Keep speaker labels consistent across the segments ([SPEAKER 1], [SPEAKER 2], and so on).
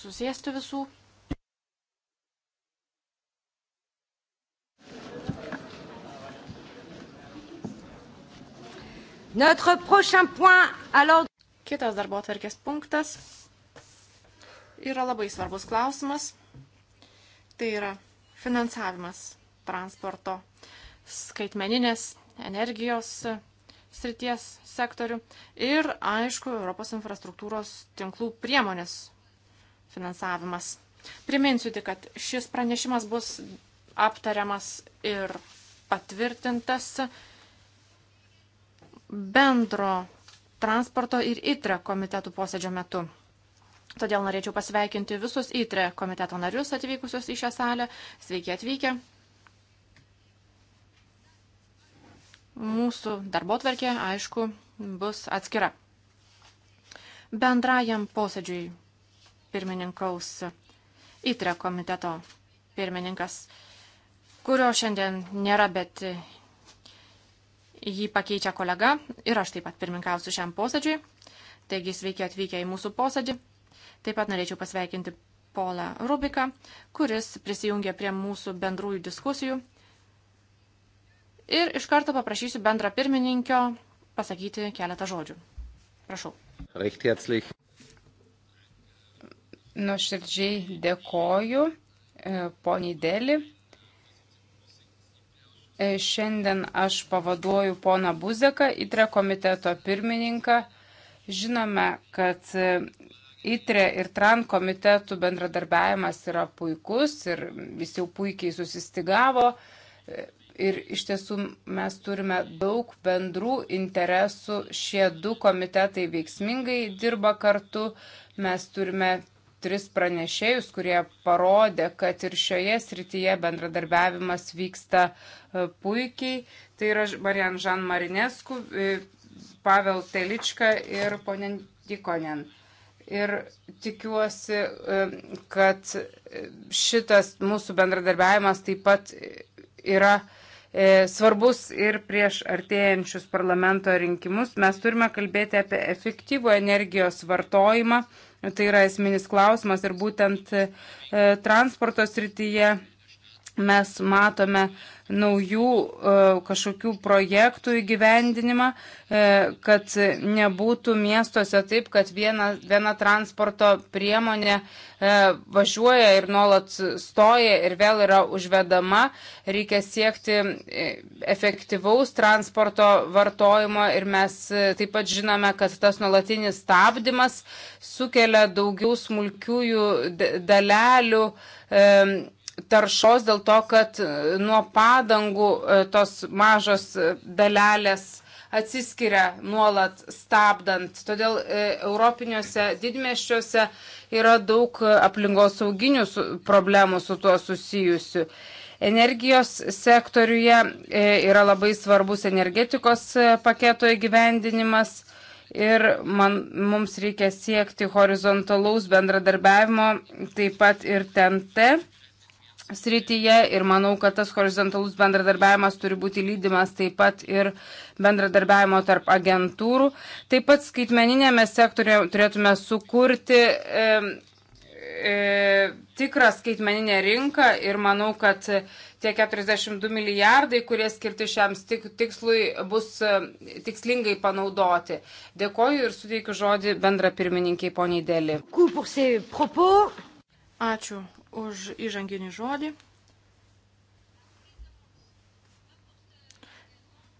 [SPEAKER 1] susėsti visų. Notre prochain point, alors... Kitas darbo atverkės punktas yra labai svarbus klausimas. Tai yra finansavimas transporto skaitmeninės energijos srities sektorių ir, aišku, Europos infrastruktūros tinklų priemonės finansavimas. Priminsiu tik, kad šis pranešimas bus aptariamas ir patvirtintas bendro transporto ir ITRE komitetų posėdžio metu. Todėl norėčiau pasveikinti visus ITRE komiteto narius atvykusius į šią salę. Sveiki atvykę. Mūsų darbo tvarkė, aišku, bus atskira. Bendrajam posėdžiui pirmininkaus įtre komiteto pirmininkas, kurio šiandien nėra, bet jį pakeičia kolega ir aš taip pat pirmininkausiu šiam posėdžiui. Taigi sveiki atvykę į mūsų posėdį. Taip pat norėčiau pasveikinti Polą Rubiką, kuris prisijungė prie mūsų bendrųjų diskusijų. Ir iš karto paprašysiu bendra pirmininkio pasakyti keletą žodžių. Prašau.
[SPEAKER 2] Recht herzlich nuoširdžiai dėkoju e, poniai Deli. E, šiandien aš pavaduoju poną Buzeką, ITRE komiteto pirmininką. Žinome, kad e, ITRE ir TRAN komitetų bendradarbiavimas yra puikus ir jis jau puikiai susistigavo. Ir iš tiesų mes turime daug bendrų interesų. Šie du komitetai veiksmingai dirba kartu. Mes turime tris pranešėjus, kurie parodė, kad ir šioje srityje bendradarbiavimas vyksta e, puikiai. Tai yra Marian Žan Marinesku, e, Pavel Telička ir ponen Dikonen. Ir tikiuosi, e, kad šitas mūsų bendradarbiavimas taip pat yra svarbus ir prieš artėjančius parlamento rinkimus. Mes turime kalbėti apie efektyvų energijos vartojimą Tai yra esminis klausimas ir būtent e, transporto srityje mes matome naujų e, kažkokių projektų įgyvendinimą, e, kad nebūtų miestuose taip, kad viena, viena transporto priemonė e, važiuoja ir nuolat stoja ir vėl yra užvedama. Reikia siekti efektyvaus transporto vartojimo ir mes taip pat žinome, kad tas nuolatinis stabdymas sukelia daugiau smulkiųjų dalelių taršos dėl to, kad e, nuo padangų e, tos mažos e, dalelės atsiskiria nuolat stabdant. Todėl Europiniuose didmeščiuose yra daug aplinkos sauginių problemų su tuo susijusių. Energijos sektoriuje yra labai svarbus energetikos paketo įgyvendinimas ir man, mums reikia siekti horizontalaus bendradarbiavimo taip pat ir TNT srityje ir manau, kad tas horizontalus bendradarbiavimas turi būti lydimas taip pat ir bendradarbiavimo tarp agentūrų. Taip pat skaitmeninėme sektorėje turėtume sukurti e, e, tikrą skaitmeninę rinką ir manau, kad tie 42 milijardai, kurie skirti šiam tikslui, bus e, tikslingai panaudoti. Dėkoju ir suteikiu žodį bendra pirmininkiai poniai Dėlį.
[SPEAKER 1] Ačiū už įžanginį žodį.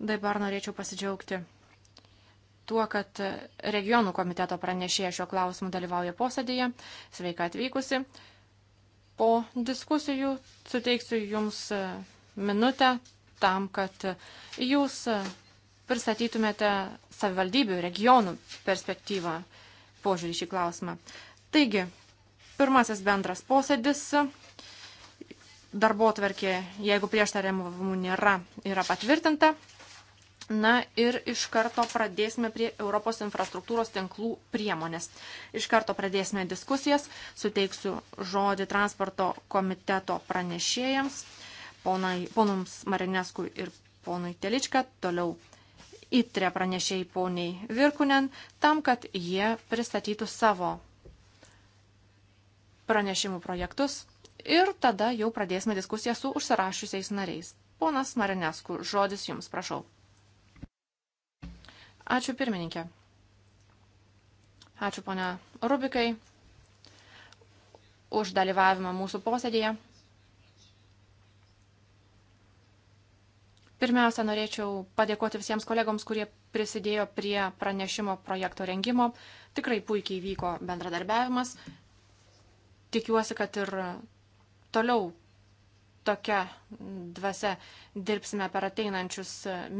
[SPEAKER 1] Dabar norėčiau pasidžiaugti tuo, kad regionų komiteto pranešėja šio klausimu dalyvauja posėdėje. Sveika atvykusi. Po diskusijų suteiksiu Jums minutę tam, kad Jūs pristatytumėte savivaldybių regionų perspektyvą požiūrį šį klausimą. Taigi, Pirmasis bendras posėdis darbo tvarkė, jeigu prieštarimų nėra, yra patvirtinta. Na ir iš karto pradėsime prie Europos infrastruktūros tinklų priemonės. Iš karto pradėsime diskusijas, suteiksiu žodį transporto komiteto pranešėjams, ponai, ponums Marineskui ir ponui Teličką, toliau įtrė pranešėjai poniai Virkunen, tam, kad jie pristatytų savo pranešimų projektus ir tada jau pradėsime diskusiją su užsirašiusiais nariais. Ponas Marinesku, žodis jums, prašau. Ačiū pirmininkė. Ačiū ponia Rubikai už dalyvavimą mūsų posėdėje. Pirmiausia, norėčiau padėkoti visiems kolegoms, kurie prisidėjo prie pranešimo projekto rengimo. Tikrai puikiai vyko bendradarbiavimas tikiuosi, kad ir toliau tokia dvasia dirbsime per ateinančius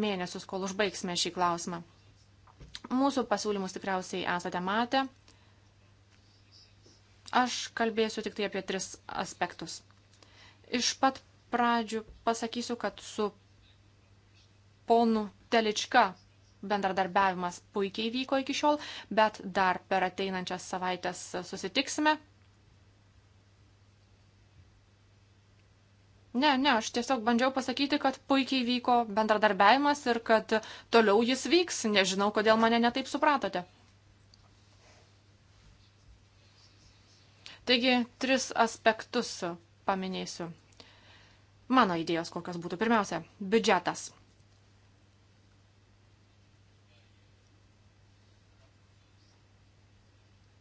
[SPEAKER 1] mėnesius, kol užbaigsime šį klausimą. Mūsų pasiūlymus tikriausiai esate matę. Aš kalbėsiu tik tai apie tris aspektus. Iš pat pradžių pasakysiu, kad su ponu Telička bendradarbiavimas puikiai vyko iki šiol, bet dar per ateinančias savaitės susitiksime Ne, ne, aš tiesiog bandžiau pasakyti, kad puikiai vyko bendradarbiavimas ir kad toliau jis vyks. Nežinau, kodėl mane netaip supratote. Taigi, tris aspektus paminėsiu. Mano idėjos kokios būtų. Pirmiausia, biudžetas.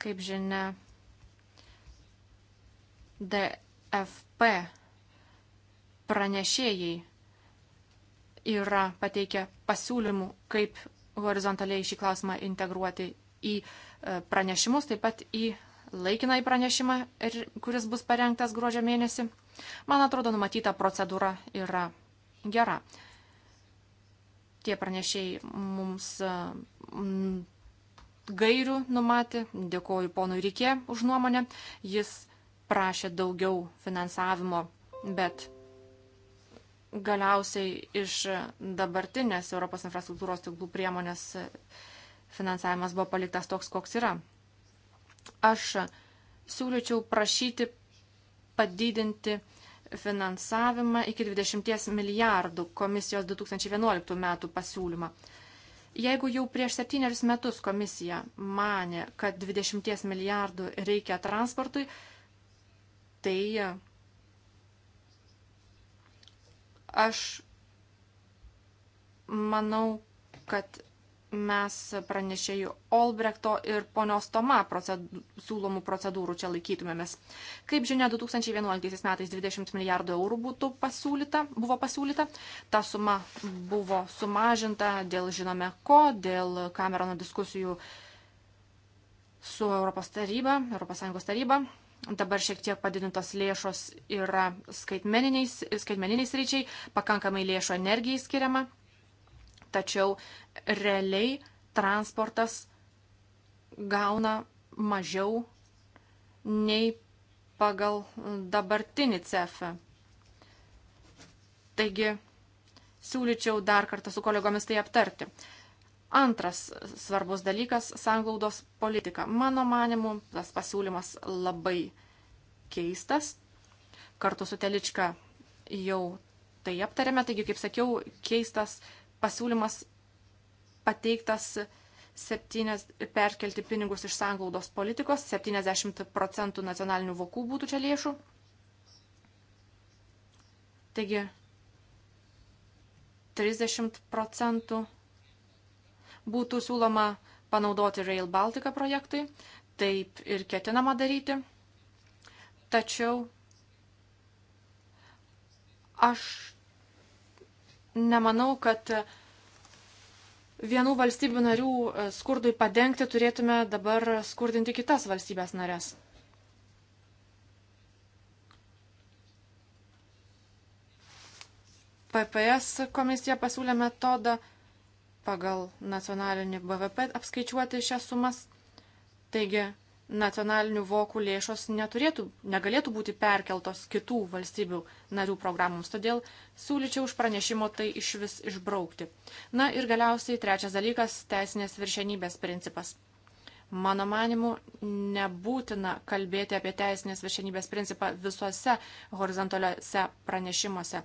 [SPEAKER 1] Kaip žinia, DFP pranešėjai yra pateikę pasiūlymų, kaip horizontaliai šį klausimą integruoti į e, pranešimus, taip pat į laikinai pranešimą, kuris bus parengtas gruodžio mėnesį. Man atrodo, numatyta procedūra yra gera. Tie pranešėjai mums e, gairių numatė. Dėkoju ponui Rikė už nuomonę. Jis prašė daugiau finansavimo, bet galiausiai iš dabartinės Europos infrastruktūros tinklų priemonės finansavimas buvo paliktas toks, koks yra. Aš siūlyčiau prašyti padidinti finansavimą iki 20 milijardų komisijos 2011 metų pasiūlymą. Jeigu jau prieš septynerius metus komisija manė, kad 20 milijardų reikia transportui, tai Aš manau, kad mes pranešėjų Olbrechto ir ponios Toma procedu, siūlomų procedūrų čia laikytumėmės. Kaip žinia, 2011 metais 20 milijardų eurų būtų pasiūlyta, buvo pasiūlyta. Ta suma buvo sumažinta dėl žinome ko, dėl Kamerono diskusijų su Europos taryba, ES taryba. Dabar šiek tiek padidintos lėšos yra skaitmeniniais, skaitmeniniais ryčiai, pakankamai lėšų energijai skiriama, tačiau realiai transportas gauna mažiau nei pagal dabartinį cefą. Taigi, siūlyčiau dar kartą su kolegomis tai aptarti. Antras svarbus dalykas - sanglaudos politika. Mano manimu, tas pasiūlymas labai keistas. Kartu su Telička jau tai aptarėme, taigi, kaip sakiau, keistas pasiūlymas pateiktas septynias, perkelti pinigus iš sanglaudos politikos, 70 procentų nacionalinių vokų būtų čia lėšų. Taigi, 30 procentų būtų siūloma panaudoti Rail Baltica projektui, taip ir ketinama daryti. Tačiau aš nemanau, kad vienų valstybių narių e, skurdui padengti turėtume dabar skurdinti kitas valstybės narės. PPS komisija pasiūlė metodą pagal nacionalinį BVP apskaičiuoti šias sumas. Taigi, nacionalinių vokų lėšos neturėtų, negalėtų būti perkeltos kitų valstybių narių programoms, todėl siūlyčiau iš pranešimo tai iš vis išbraukti. Na ir galiausiai trečias dalykas - teisinės viršenybės principas. Mano manimu, nebūtina kalbėti apie teisinės viršenybės principą visuose horizontaliuose pranešimuose.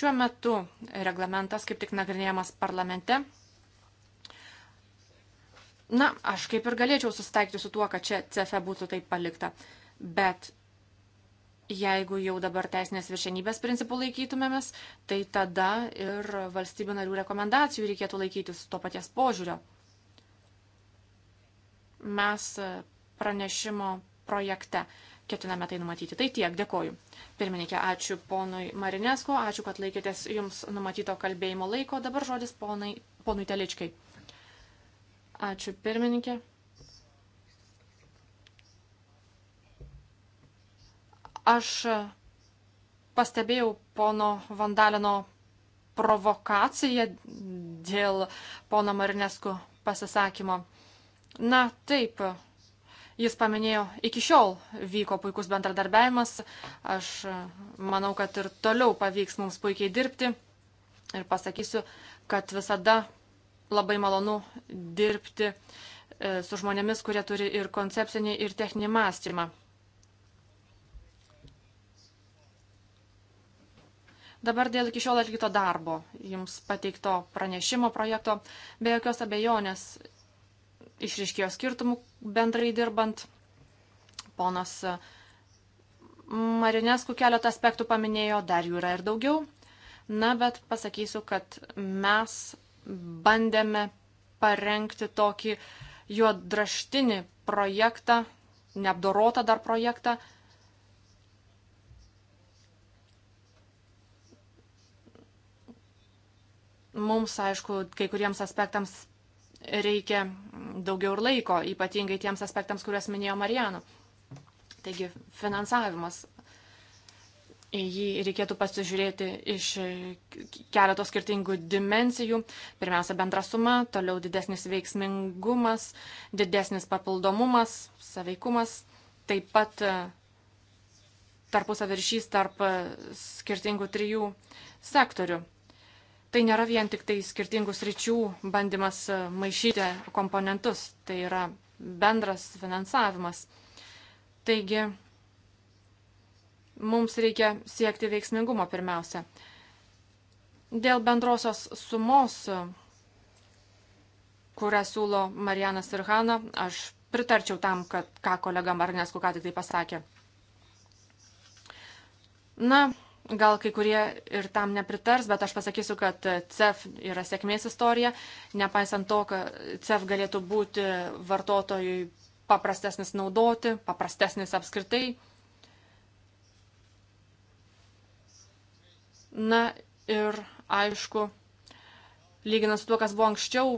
[SPEAKER 1] Šiuo metu reglamentas kaip tik nagrinėjamas parlamente Na, aš kaip ir galėčiau susitaikyti su tuo, kad čia CFE būtų taip palikta, bet jeigu jau dabar teisinės viršenybės principų laikytumėmės, tai tada ir valstybių narių rekomendacijų reikėtų laikytis to paties požiūrio. Mes pranešimo projekte ketiname tai numatyti. Tai tiek, dėkoju. Pirmininkė, ačiū ponui Marinesko, ačiū, kad laikėtės jums numatyto kalbėjimo laiko. Dabar žodis ponai, ponui Teličkai. Ačiū pirmininkė. Aš pastebėjau pono Vandalino provokaciją dėl pono Marinesku pasisakymo. Na, taip, jis paminėjo, iki šiol vyko puikus bendradarbiavimas, aš manau, kad ir toliau pavyks mums puikiai dirbti ir pasakysiu, kad visada labai malonu dirbti e, su žmonėmis, kurie turi ir koncepcinį, ir techninį mąstymą. Dabar dėl iki šiol atlikto darbo, jums pateikto pranešimo projekto, be jokios abejonės išriškėjo skirtumų bendrai dirbant. Ponas e, Marinesku keletą aspektų paminėjo, dar jų yra ir daugiau. Na, bet pasakysiu, kad mes bandėme parengti tokį juodraštinį projektą, neapdorotą dar projektą. Mums, aišku, kai kuriems aspektams reikia daugiau ir laiko, ypatingai tiems aspektams, kuriuos minėjo Marijano. Taigi finansavimas į jį reikėtų pasižiūrėti iš keleto skirtingų dimensijų. Pirmiausia, bendra suma, toliau didesnis veiksmingumas, didesnis papildomumas, saveikumas, taip pat e, tarpusaviršys tarp e, skirtingų trijų sektorių. Tai nėra vien tik tai skirtingų sričių bandymas e, maišyti komponentus, tai yra bendras finansavimas. Taigi, mums reikia siekti veiksmingumo pirmiausia. Dėl bendrosios sumos, kurią siūlo Marijanas ir Hanna, aš pritarčiau tam, kad ką kolega Marnesku ką tik tai pasakė. Na, gal kai kurie ir tam nepritars, bet aš pasakysiu, kad CEF yra sėkmės istorija, nepaisant to, kad CEF galėtų būti vartotojui paprastesnis naudoti, paprastesnis apskritai. Na ir aišku, lyginant su tuo, kas buvo anksčiau,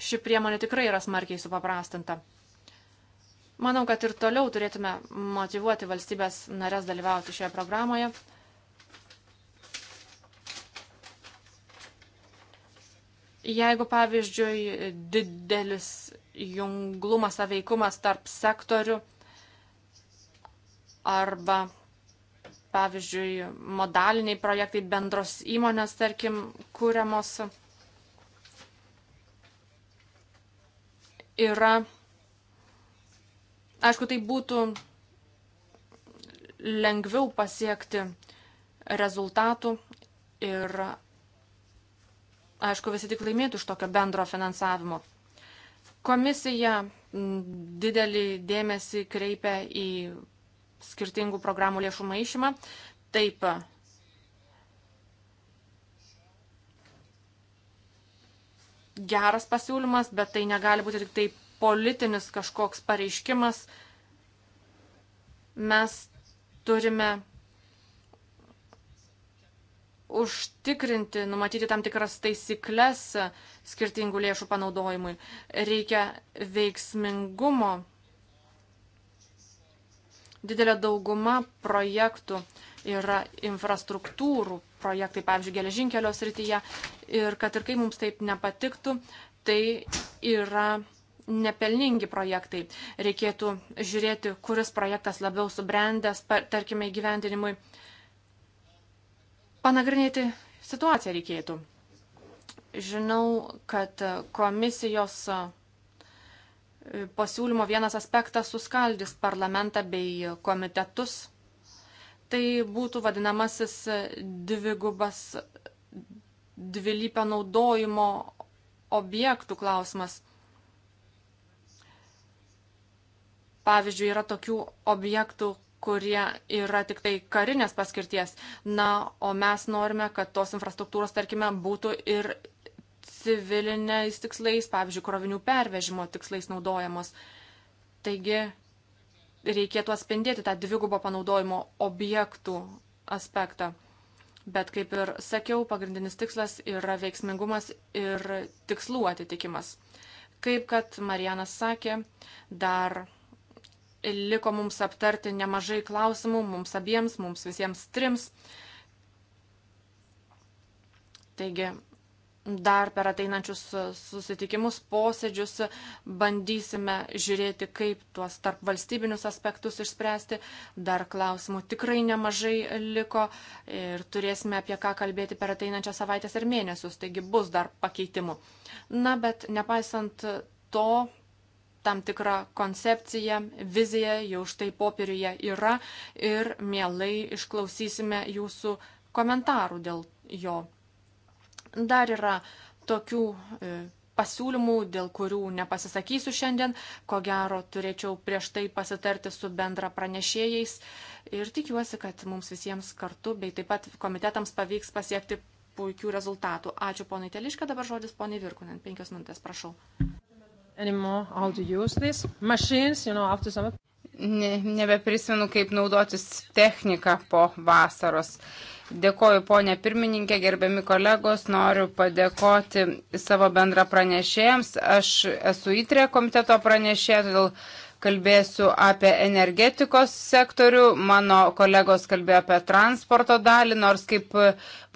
[SPEAKER 1] ši priemonė tikrai yra smarkiai supaprastinta. Manau, kad ir toliau turėtume motivuoti valstybės narės dalyvauti šioje programoje. Jeigu, pavyzdžiui, didelis junglumas, aveikumas tarp sektorių arba pavyzdžiui, modaliniai projektai, bendros įmonės, tarkim, kūriamos yra, aišku, tai būtų lengviau pasiekti rezultatų ir, aišku, visi tik laimėtų iš tokio bendro finansavimo. Komisija didelį dėmesį kreipia į skirtingų programų lėšų maišymą. Taip. Geras pasiūlymas, bet tai negali būti tik tai politinis kažkoks pareiškimas. Mes turime užtikrinti, numatyti tam tikras taisyklės skirtingų lėšų panaudojimui. Reikia veiksmingumo Didelė dauguma projektų yra infrastruktūrų projektai, pavyzdžiui, geležinkelio srityje. Ir kad ir kaip mums taip nepatiktų, tai yra nepelningi projektai. Reikėtų žiūrėti, kuris projektas labiau subrendęs, tarkime, įgyvendinimui. Panagrinėti situaciją reikėtų. Žinau, kad komisijos pasiūlymo vienas aspektas suskaldys parlamentą bei komitetus. Tai būtų vadinamasis dvigubas dvilypio naudojimo objektų klausimas. Pavyzdžiui, yra tokių objektų, kurie yra tik tai karinės paskirties. Na, o mes norime, kad tos infrastruktūros, tarkime, būtų ir civiliniais tikslais, pavyzdžiui, krovinių pervežimo tikslais naudojamos. Taigi reikėtų atspindėti tą dvigubo panaudojimo objektų aspektą. Bet kaip ir sakiau, pagrindinis tikslas yra veiksmingumas ir tikslų atitikimas. Kaip kad Marijanas sakė, dar liko mums aptarti nemažai klausimų, mums abiems, mums visiems trims. Taigi dar per ateinančius e, susitikimus, posėdžius bandysime žiūrėti, kaip tuos tarp valstybinius aspektus išspręsti. Dar klausimų tikrai nemažai liko ir turėsime apie ką kalbėti per ateinančią savaitę ir mėnesius, taigi bus dar pakeitimų. Na, bet nepaisant to, tam tikra koncepcija, vizija jau štai popieriuje yra ir mielai išklausysime jūsų komentarų dėl jo. Dar yra tokių e, pasiūlymų, dėl kurių nepasisakysiu šiandien. Ko gero, turėčiau prieš tai pasitarti su bendra pranešėjais ir tikiuosi, kad mums visiems kartu bei taip pat komitetams pavyks pasiekti puikių rezultatų. Ačiū ponai Teliška, dabar žodis poniai Virkunen. Penkios minutės, prašau.
[SPEAKER 2] Machines, you know, some... ne, nebeprisimenu, kaip naudotis techniką po vasaros. Uh, Dėkoju, ponė pirmininkė, gerbiami kolegos, noriu padėkoti savo bendra pranešėjams. Aš esu įtrė komiteto pranešė, todėl kalbėsiu apie energetikos sektorių. Mano kolegos kalbėjo apie transporto dalį, nors kaip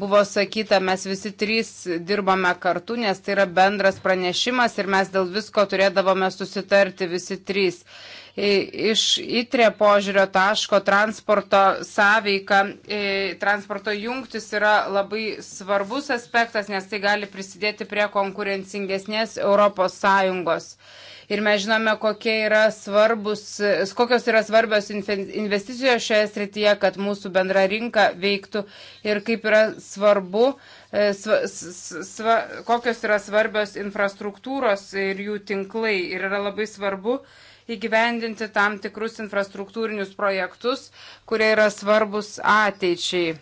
[SPEAKER 2] buvo sakyta, mes visi trys dirbame kartu, nes tai yra bendras pranešimas ir mes dėl visko turėdavome susitarti visi trys iš įtrė požiūrio taško transporto sąveika, transporto jungtis yra labai svarbus aspektas, nes tai gali prisidėti prie konkurencingesnės ES. Ir mes žinome, yra svarbus, kokios yra svarbios investicijos šioje srityje, kad mūsų bendra rinka veiktų ir kaip yra svarbu, e, sva, sva, kokios yra svarbios infrastruktūros ir jų tinklai. Ir yra labai svarbu, uh, įgyvendinti tam tikrus infrastruktūrinius projektus, kurie yra svarbus ateičiai.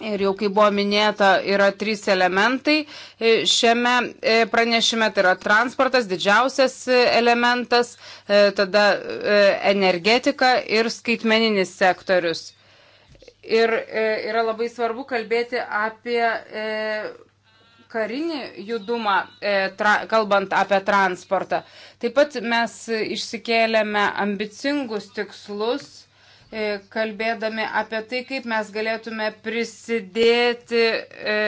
[SPEAKER 2] Ir jau kaip buvo minėta, yra trys elementai. Šiame e, pranešime tai yra transportas, didžiausias e, elementas, e, tada energetika ir skaitmeninis sektorius. Ir yra labai svarbu kalbėti apie karinį judumą, e, tra, kalbant apie transportą. Taip pat mes išsikėlėme ambicingus tikslus, e, kalbėdami apie tai, kaip mes galėtume prisidėti e,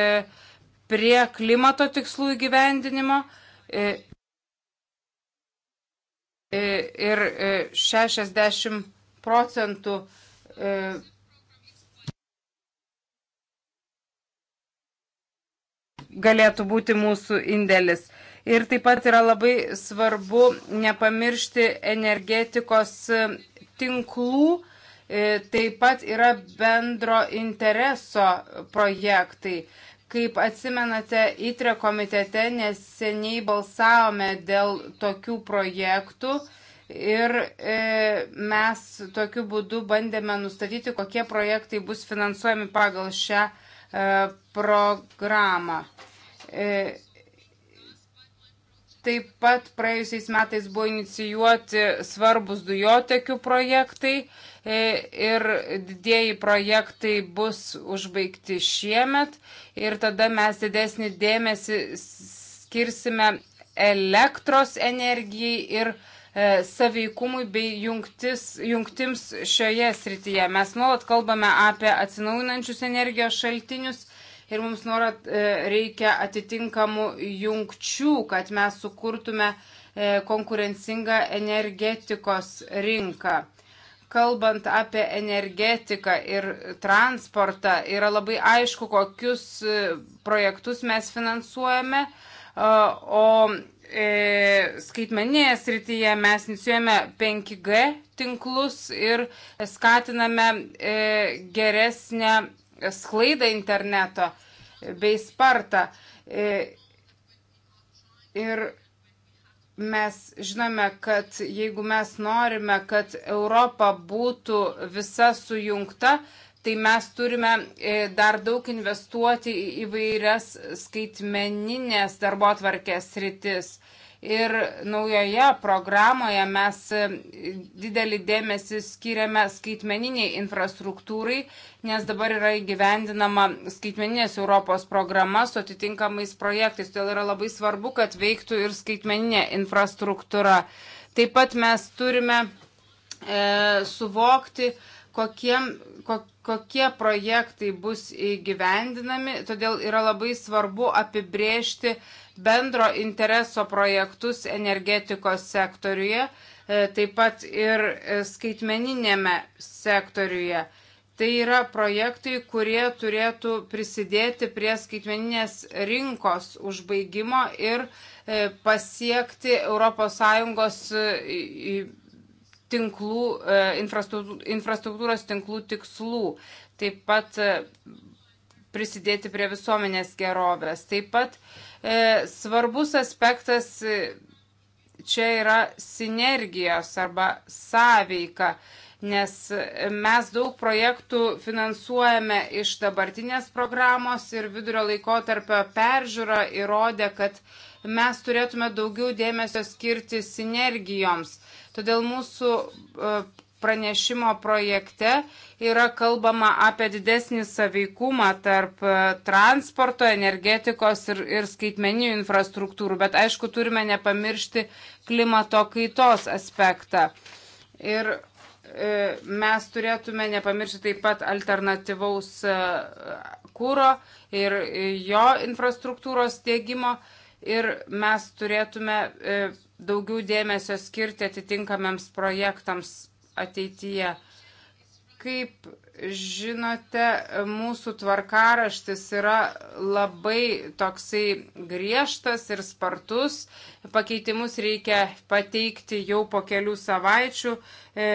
[SPEAKER 2] prie klimato tikslų įgyvendinimo. Ir 60 procentų galėtų būti mūsų indėlis. Ir taip pat yra labai svarbu nepamiršti energetikos tinklų, e, taip pat yra bendro intereso projektai. Kaip atsimenate, ITRE komitete neseniai balsavome dėl tokių projektų ir e, mes tokiu būdu bandėme nustatyti, kokie projektai bus finansuojami pagal šią programą E, programą. E, taip pat praėjusiais metais buvo inicijuoti svarbus dujotekių projektai e, ir didieji projektai bus užbaigti šiemet ir tada mes didesnį dėmesį skirsime elektros energijai ir uh, E, saveikumui bei jungtis, jungtims šioje srityje. Mes nuolat kalbame apie atsinaujinančius energijos šaltinius ir mums nuolat e, reikia atitinkamų jungčių, kad mes sukurtume e, konkurencingą energetikos rinką kalbant apie energetiką ir transportą, yra labai aišku, kokius projektus mes finansuojame, o e, skaitmeninėje srityje mes inicijuojame 5G tinklus ir skatiname e, geresnę sklaidą interneto bei spartą. E, ir mes žinome, kad jeigu mes norime, kad Europa būtų visa sujungta, tai mes turime e, dar daug investuoti į įvairias skaitmeninės darbo atvarkės rytis. Ir naujoje programoje mes e, didelį dėmesį skiriame skaitmeniniai infrastruktūrai, nes dabar yra įgyvendinama skaitmeninės Europos programa su atitinkamais projektais. Todėl yra labai svarbu, kad veiktų ir skaitmeninė infrastruktūra. Taip pat mes turime e, suvokti, e, kokie, ko, kokie projektai bus įgyvendinami, todėl yra labai svarbu apibrėžti bendro intereso projektus energetikos sektoriuje, e, taip pat ir e, skaitmeninėme sektoriuje. Tai yra projektai, kurie turėtų prisidėti prie skaitmeninės rinkos užbaigimo ir e, pasiekti ES tinklų, e, infrastruktūros tinklų tikslų, taip pat e, prisidėti prie visuomenės gerovės. Taip pat e, svarbus aspektas e, čia yra sinergijos arba sąveika, nes mes daug projektų finansuojame iš dabartinės programos ir vidurio laiko tarpio peržiūra įrodė, kad mes turėtume daugiau dėmesio skirti sinergijoms. E, Todėl mūsų e, pranešimo projekte yra kalbama apie didesnį saveikumą tarp e, transporto, energetikos ir, ir skaitmeninių infrastruktūrų, bet aišku, turime nepamiršti klimato kaitos aspektą. Ir e, mes turėtume nepamiršti taip pat alternatyvaus e, kūro ir jo infrastruktūros tiegimo ir mes turėtume e, daugiau dėmesio skirti atitinkamiems projektams ateityje. Kaip žinote, mūsų tvarkaraštis yra labai toksai griežtas ir spartus. Pakeitimus reikia pateikti jau po kelių savaičių. E,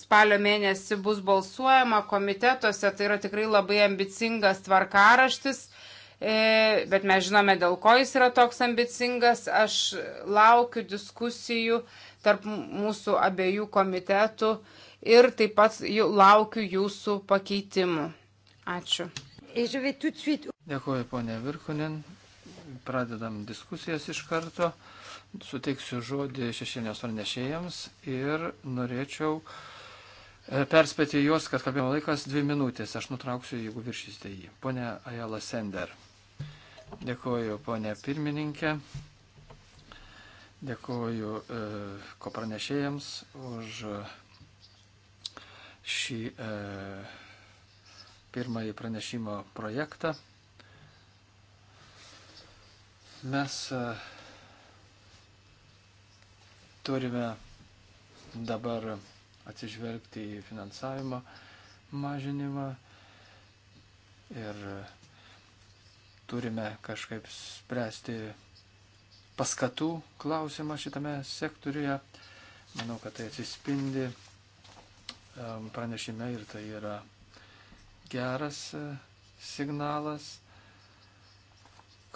[SPEAKER 2] spalio mėnesį bus balsuojama komitetuose. Tai yra tikrai labai ambicingas tvarkaraštis. E, bet mes žinome, dėl ko jis yra toks ambicingas. Aš laukiu diskusijų tarp mūsų abiejų komitetų ir taip pat laukiu jūsų pakeitimų. Ačiū. Dėkuoju,
[SPEAKER 3] ponė Virkunin. Pradedam diskusijas iš karto. Suteiksiu žodį šešėlės pranešėjams ir norėčiau e, perspėti juos, kad kalbėjimo laikas dvi minutės. Aš nutrauksiu, jeigu viršysite jį. Pone Ajala Sender. Dėkuoju, ponė pirmininkė. Dėkuoju e, kopranešėjams už šį e, pirmąjį pranešimo projektą. Mes e, turime dabar atsižvelgti į finansavimo mažinimą ir e, Turime kažkaip spręsti paskatų klausimą šitame sektoriuje. Manau, kad tai atsispindi um, pranešime ir tai yra geras e, signalas,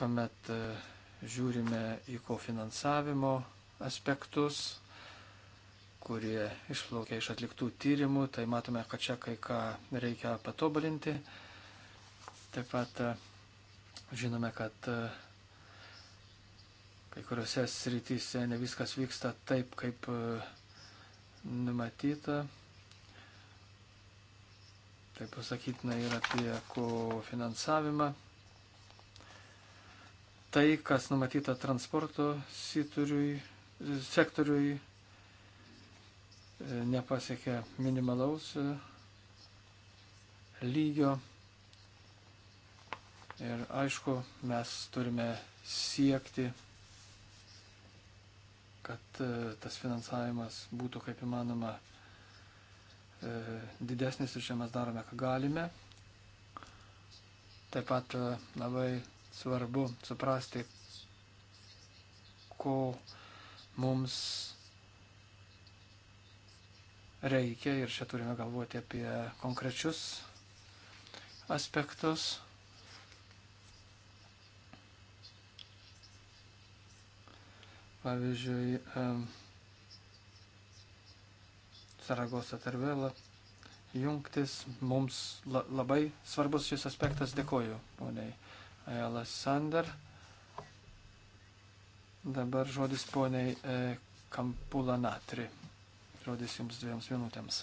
[SPEAKER 3] kuomet e, žiūrime į kofinansavimo aspektus, kurie išplaukia iš atliktų tyrimų, tai matome, kad čia kai ką reikia patobulinti. Taip pat e, Žinome, kad e, kai kuriuose srityse ne viskas vyksta taip, kaip e, numatyta. Tai pasakytina ir apie kofinansavimą. Tai, kas numatyta transporto sektoriui, e, nepasiekia minimalaus lygio. Ir aišku, mes turime siekti, kad e, tas finansavimas būtų kaip įmanoma e, didesnis ir čia mes darome, ką galime. Taip pat e, labai svarbu suprasti, ko mums reikia ir čia turime galvoti apie konkrečius aspektus. pavyzdžiui, Saragos Atarvela jungtis. Mums labai svarbus šis aspektas. Dėkoju, poniai Ajalas Sander. Dabar žodis poniai e, Kampula Natri. Žodis jums dviems minutėms.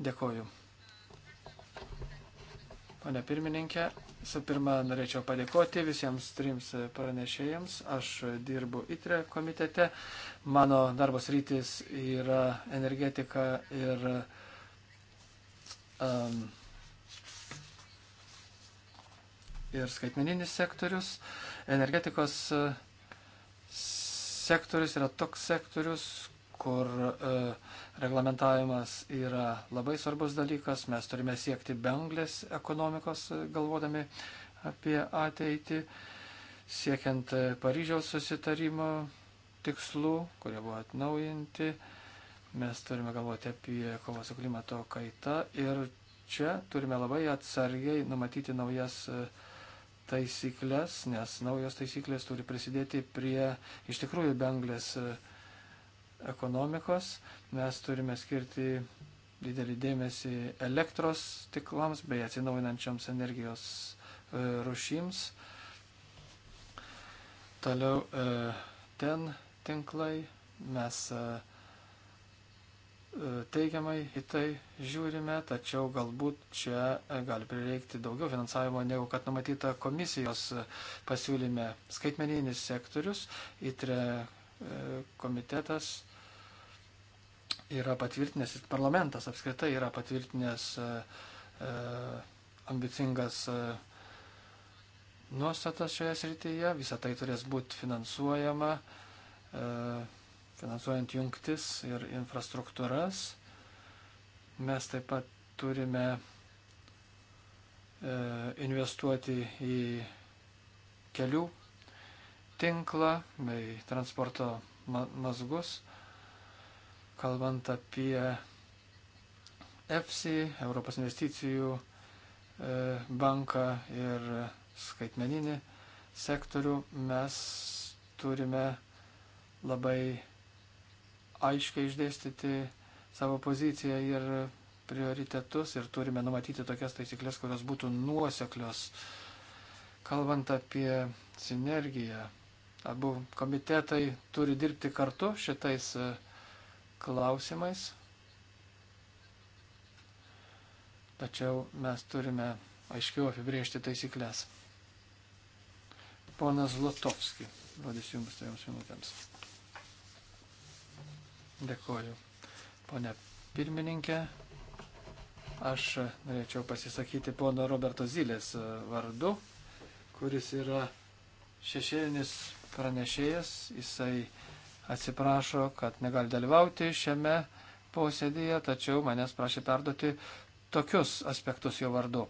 [SPEAKER 3] Dėkoju. Pane pirmininkė, su pirma norėčiau padėkoti visiems trims pranešėjams. Aš dirbu ITRE komitete. Mano darbos rytis yra energetika ir um, ir skaitmeninis sektorius. Energetikos uh, sektorius yra toks sektorius, kur e, reglamentavimas yra labai svarbus dalykas. Mes turime siekti benglės ekonomikos, e, galvodami apie ateitį, siekiant e, Paryžiaus susitarimo tikslų, kurie buvo atnaujinti. Mes turime galvoti apie kovą su klimato kaita ir čia turime labai atsargiai numatyti naujas taisyklės, nes naujos taisyklės turi prisidėti prie iš tikrųjų benglės ekonomikos ekonomikos. Mes turime skirti didelį dėmesį elektros tiklams bei atsinaujinančioms energijos e, rušims. Toliau e, ten tinklai mes e, teigiamai į tai žiūrime, tačiau galbūt čia gali prireikti daugiau finansavimo negu kad numatyta komisijos pasiūlyme skaitmeninis sektorius, įtre komitetas yra patvirtinęs ir parlamentas apskritai yra patvirtinęs e, e, ambicingas e, nuostatas šioje srityje. Visą tai turės būti finansuojama, finansuojant jungtis ir infrastruktūras. Mes taip pat turime investuoti į kelių tinklą bei transporto mazgus kalbant apie EFSI, Europos investicijų e, banką ir skaitmeninį sektorių, mes turime labai aiškiai išdėstyti savo poziciją ir prioritetus ir turime numatyti tokias taisyklės, kurios būtų nuoseklios. Kalbant apie sinergiją, abu komitetai turi dirbti kartu šitais uh, klausimais. Tačiau mes turime aiškiau apibriežti taisyklės. Ponas Lotovski, vadys jums trijoms minutėms. Dėkoju. Pone pirmininkė, aš norėčiau pasisakyti pono Roberto Zylės e, vardu, kuris yra šešėlinis pranešėjas, jisai atsiprašo, kad negali dalyvauti šiame posėdėje, tačiau manęs prašė perduoti tokius aspektus jo vardu.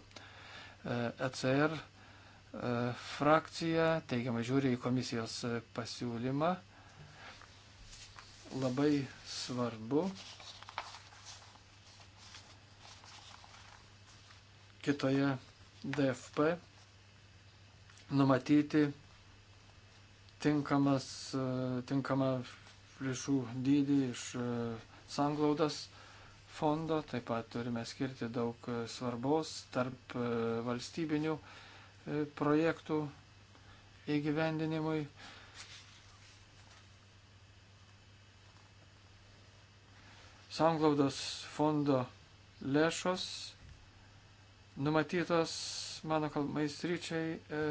[SPEAKER 3] ECR e e, frakcija teigiamai žiūri į komisijos pasiūlymą. Labai svarbu kitoje DFP numatyti tinkamas, e, tinkamą lėšų dydį iš e, sanglaudas fondo, taip pat turime skirti daug e, svarbos tarp valstybinių projektų įgyvendinimui. Sanglaudos fondo lėšos numatytos mano kalbais ryčiai. E,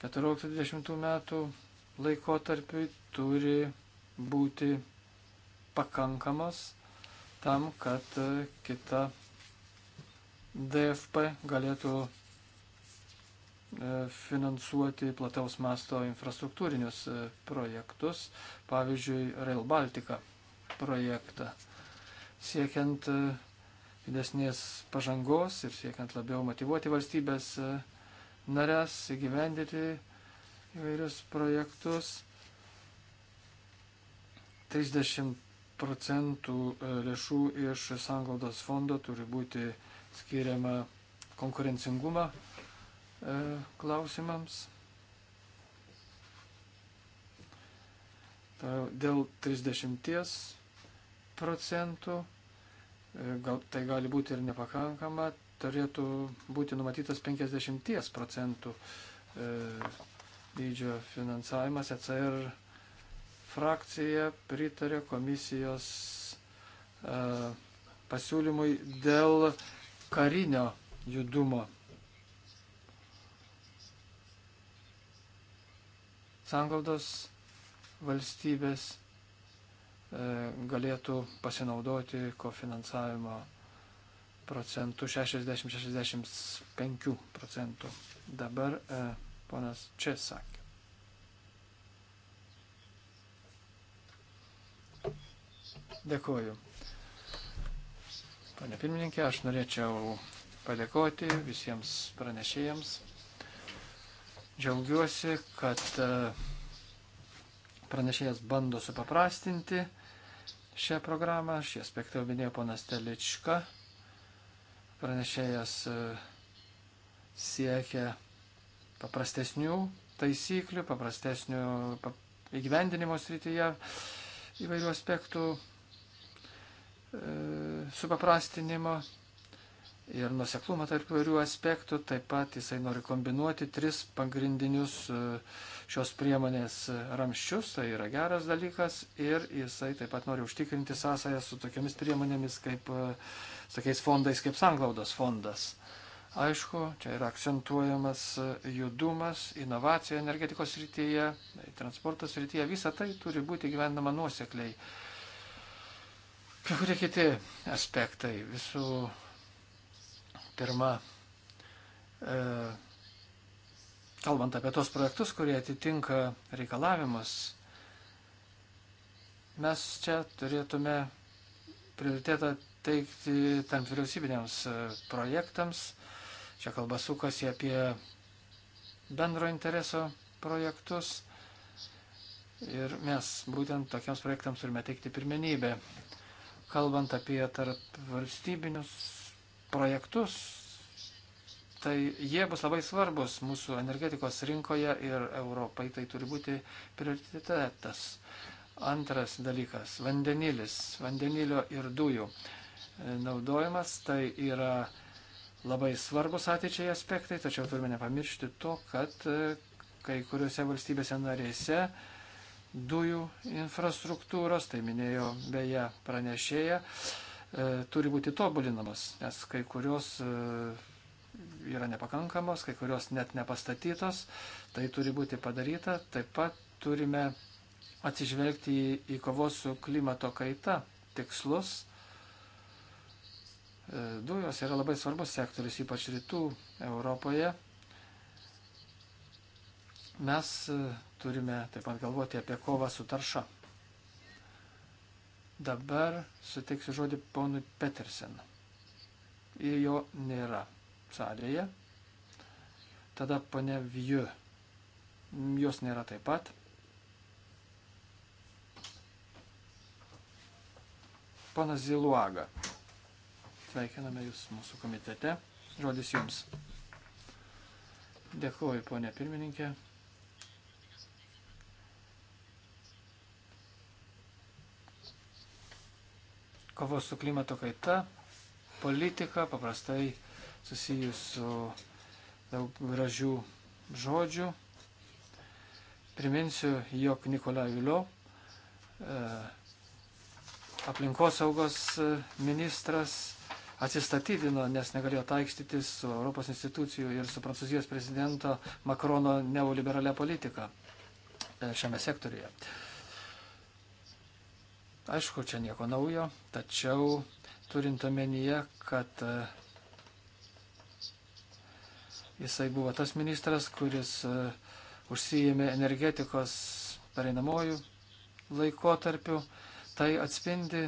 [SPEAKER 3] 14-20 metų laikotarpiui turi būti pakankamas tam, kad e, kita DFP galėtų e, finansuoti plataus masto infrastruktūrinius e, projektus, pavyzdžiui, Rail Baltica projektą. Siekiant didesnės pažangos ir siekiant labiau motivuoti valstybės nares įgyvendyti įvairius projektus. 30 procentų e, lėšų iš sanglaudos fondo turi būti skiriama konkurencingumą e, klausimams. Dėl 30 procentų, e, gal, tai gali būti ir nepakankama, turėtų būti numatytas 50 procentų e, dydžio finansavimas. ECR frakcija pritarė komisijos e, pasiūlymui dėl karinio judumo. Sangaldos valstybės e, galėtų pasinaudoti kofinansavimo procentų, 60-65 procentų. Dabar e, ponas čia sakė. Dėkuoju. Pane pirmininkė, aš norėčiau padėkoti visiems pranešėjams. Džiaugiuosi, kad e, pranešėjas bando supaprastinti šią programą. Šį aspektą jau minėjo ponas Telička. Pranešėjas e, siekia paprastesnių taisyklių, paprastesnių įgyvendinimo srityje įvairių aspektų e, supaprastinimo ir nuseklumą tarp įvairių aspektų. Taip pat jisai nori kombinuoti tris pagrindinius e, šios priemonės e, ramščius, tai yra geras dalykas. Ir jisai taip pat nori užtikrinti sąsąją su tokiamis priemonėmis, kaip, e, tokiais fondais kaip Sanglaudos fondas. Aišku, čia yra akcentuojamas judumas, inovacija energetikos rytyje, transportos rytyje, visa tai turi būti gyvenama nuosekliai. Kai kurie kiti aspektai. Visų pirma, e, kalbant apie tos projektus, kurie atitinka reikalavimus, mes čia turėtume prioritetą teikti tam vyriausybiniams e, projektams. Čia kalba sukasi apie bendro intereso projektus. Ir mes būtent tokiems projektams turime teikti pirmenybę. Kalbant apie tarp valstybinius projektus, tai jie bus labai svarbus mūsų energetikos rinkoje ir Europai tai turi būti prioritetas. Antras dalykas - vandenilis, vandenilio ir dujų naudojimas. Tai yra labai svarbus ateičiai aspektai, tačiau turime nepamiršti to, kad e, kai kuriuose valstybėse narėse dujų infrastruktūros, tai minėjo beje pranešėja, E, turi būti tobulinamos, nes kai kurios e, yra nepakankamos, kai kurios net nepastatytos, tai turi būti padaryta. Taip pat turime atsižvelgti į, į kovos su klimato kaita tikslus. E, dujos yra labai svarbus sektorius, ypač rytų Europoje. Mes turime taip pat galvoti apie kovą su tarša. Dabar suteiksiu žodį ponui Petersen. Ir jo nėra salėje. Tada ponė Viu. Jos nėra taip pat. Ponas Ziluaga. Sveikiname Jūs mūsų komitete. Žodis Jums. Dėkuoju, ponė pirmininkė. kovos su klimato kaita politika paprastai susijus su daug gražių žodžių. Priminsiu, jog Nikola Vilio, e, aplinkosaugos e, ministras, atsistatydino, nes negalėjo taikstytis su Europos institucijų ir su Prancūzijos prezidento Makrono neoliberalia politika e, šiame sektoriuje. Aišku, čia nieko naujo, tačiau turint omenyje, kad e, jisai buvo tas ministras, kuris e, užsijėmė energetikos pareinamojų laikotarpių, tai atspindi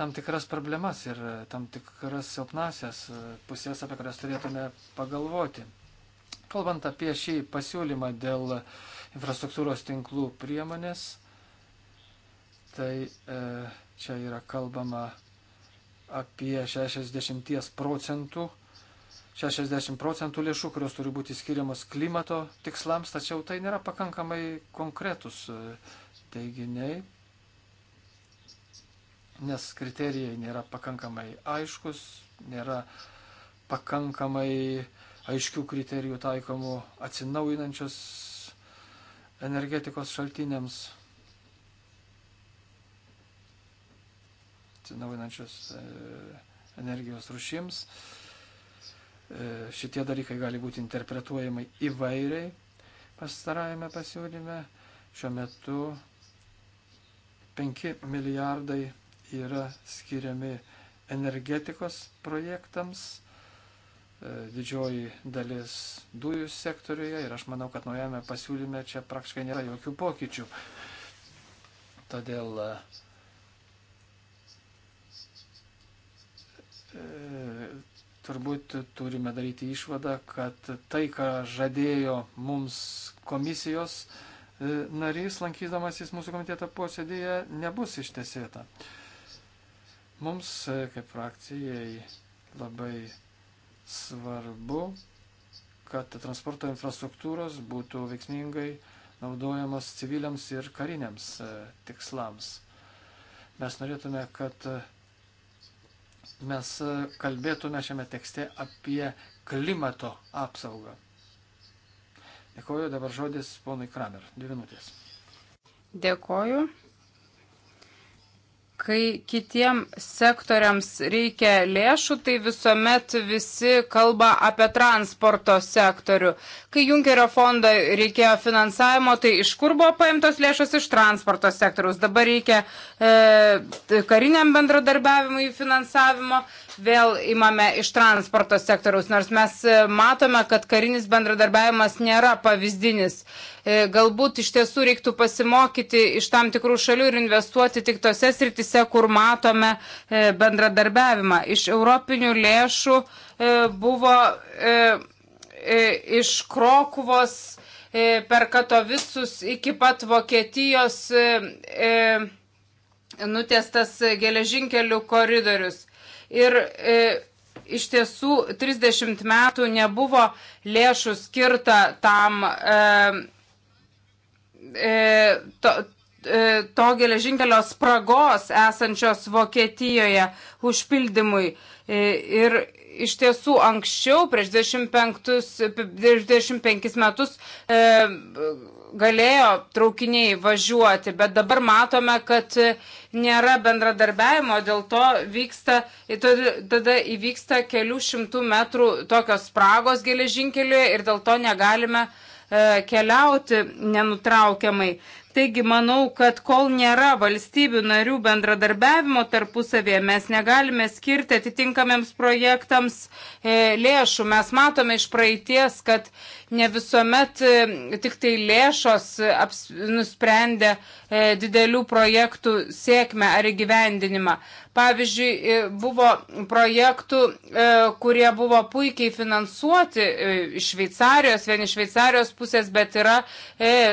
[SPEAKER 3] tam tikras problemas ir e, tam tikras silpnasias pusės, apie kurias turėtume pagalvoti. Kalbant apie šį pasiūlymą dėl infrastruktūros tinklų priemonės, tai e, čia yra kalbama apie 60 procentų, 60 procentų lėšų, kurios turi būti skiriamos klimato tikslams, tačiau tai nėra pakankamai konkretus e, teiginiai, nes kriterijai nėra pakankamai aiškus, nėra pakankamai aiškių kriterijų taikomų atsinaujinančios energetikos šaltiniams atsinaujinančios e, energijos rušims. E, šitie dalykai gali būti interpretuojami įvairiai pastarajame pasiūlyme. Šiuo metu 5 milijardai yra skiriami energetikos projektams, e, didžioji dalis dujų sektoriuje ir aš manau, kad naujame pasiūlyme čia praktiškai nėra jokių pokyčių. Todėl uh, E, turbūt turime daryti išvadą, kad tai, ką žadėjo mums komisijos e, narys, lankydamasis mūsų komiteto posėdėje, nebus ištesėta. Mums, e, kaip frakcijai, labai svarbu, kad transporto infrastruktūros būtų veiksmingai naudojamos civiliams ir kariniams tikslams. Mes norėtume, kad mes e, kalbėtume šiame tekste apie klimato apsaugą. Dėkoju, dabar žodis ponui Kramer. Dvi minutės.
[SPEAKER 2] Dėkoju kai kitiem sektoriams reikia lėšų, tai visuomet visi kalba apie transporto sektorių. Kai Junkerio fondo reikėjo finansavimo, tai iš kur buvo paimtos lėšos iš transporto sektoriaus. Dabar reikia e, kariniam bendradarbiavimui finansavimo vėl imame iš transporto sektoriaus, nors mes e, matome, kad karinis bendradarbiavimas nėra pavyzdinis. E, galbūt iš tiesų reiktų pasimokyti iš tam tikrų šalių ir investuoti tik tose sritise, kur matome e, bendradarbiavimą. Iš europinių lėšų buvo iš Krokuvos per Katovisus iki pat Vokietijos nutestas geležinkelių koridorius ir e, iš tiesų 30 metų nebuvo lėšų skirta tam e, e, to, e, to geležinkelio spragos esančios Vokietijoje užpildymui. E, ir iš tiesų anksčiau, prieš 25, 25 metus, e, galėjo traukiniai važiuoti, bet dabar matome, kad nėra bendradarbiavimo, dėl to vyksta, tada įvyksta kelių šimtų metrų tokios spragos geležinkeliuje ir dėl to negalime e, keliauti nenutraukiamai. Taigi manau, kad kol nėra valstybių narių bendradarbiavimo tarpusavėje, mes negalime skirti atitinkamiems projektams e, lėšų. Mes matome iš praeities, kad ne visuomet e, tik tai lėšos e, aps, nusprendė e, didelių projektų sėkmę ar įgyvendinimą. Pavyzdžiui, buvo projektų, kurie buvo puikiai finansuoti iš Šveicarijos, vieni iš Šveicarijos pusės, bet yra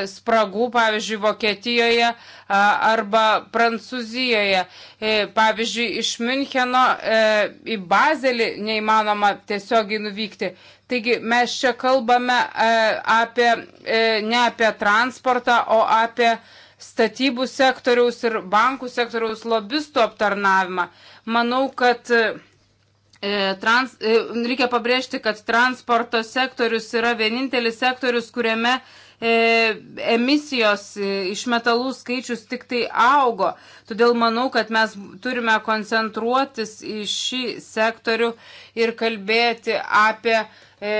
[SPEAKER 2] spragų, pavyzdžiui, Vokietijoje arba Prancūzijoje. Pavyzdžiui, iš Müncheno į Bazelį neįmanoma tiesiogiai nuvykti. Taigi mes čia kalbame e, apie, e, ne apie transportą, o apie statybų sektoriaus ir bankų sektoriaus lobistų aptarnavimą. Manau, kad e, trans, reikia pabrėžti, kad transporto sektorius yra vienintelis sektorius, kuriame uh, E, emisijos e, iš metalų skaičius tik tai augo. Todėl manau, kad mes turime koncentruotis į šį sektorių ir kalbėti apie e,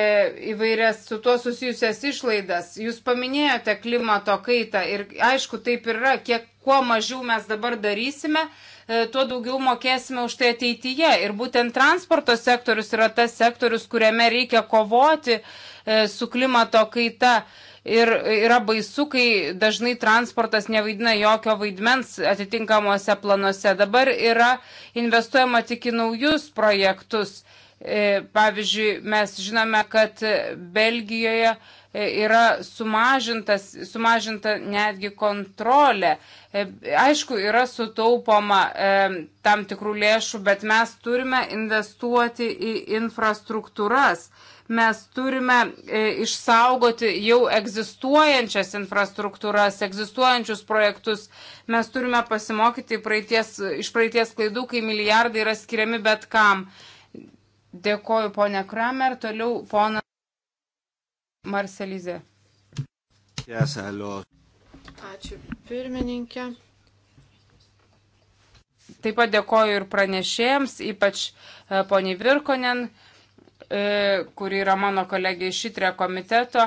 [SPEAKER 2] įvairias su tuo susijusias išlaidas. Jūs paminėjote klimato kaitą ir aišku, taip yra, kiek kuo mažiau mes dabar darysime, tuo daugiau mokėsime už tai ateityje. Ir būtent transporto sektorius yra tas sektorius, kuriame reikia kovoti su klimato kaita ir yra baisu, kai dažnai transportas nevaidina jokio vaidmens atitinkamuose planuose. Dabar yra investuojama tik į naujus projektus. E, pavyzdžiui, mes žinome, kad Belgijoje e, yra sumažintas, sumažinta netgi kontrolė. E, aišku, yra sutaupoma e, tam tikrų lėšų, bet mes turime investuoti į infrastruktūras. E, mes turime e, išsaugoti jau egzistuojančias infrastruktūras, egzistuojančius projektus. Mes turime pasimokyti praeities, iš praeities klaidų, kai milijardai yra skiriami bet kam. Dėkoju, ponė Kramer. Toliau, pona Marcelizė. Yes, Ačiū,
[SPEAKER 1] pirmininkė.
[SPEAKER 2] Taip pat dėkoju ir pranešėjams, ypač e, poniai Virkonen. Uh, E, kuri yra mano kolegė iš šitrio komiteto.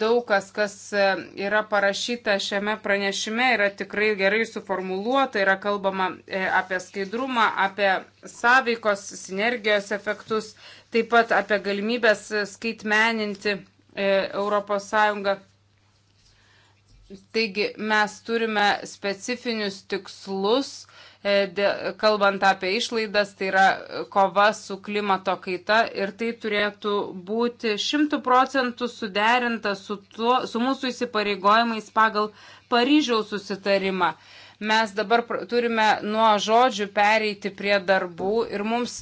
[SPEAKER 2] Daug kas, kas e, yra parašyta šiame pranešime, yra tikrai gerai suformuluota, yra kalbama e, apie skaidrumą, apie sąveikos, sinergijos efektus, taip pat apie galimybės skaitmeninti ES. Taigi mes turime specifinius tikslus, e, kalbant apie išlaidas, tai yra kova su klimato kaita ir tai turėtų būti šimtų procentų suderinta su, tuo, su mūsų įsipareigojimais pagal Paryžiaus susitarimą. Mes dabar turime nuo žodžių pereiti prie darbų ir mums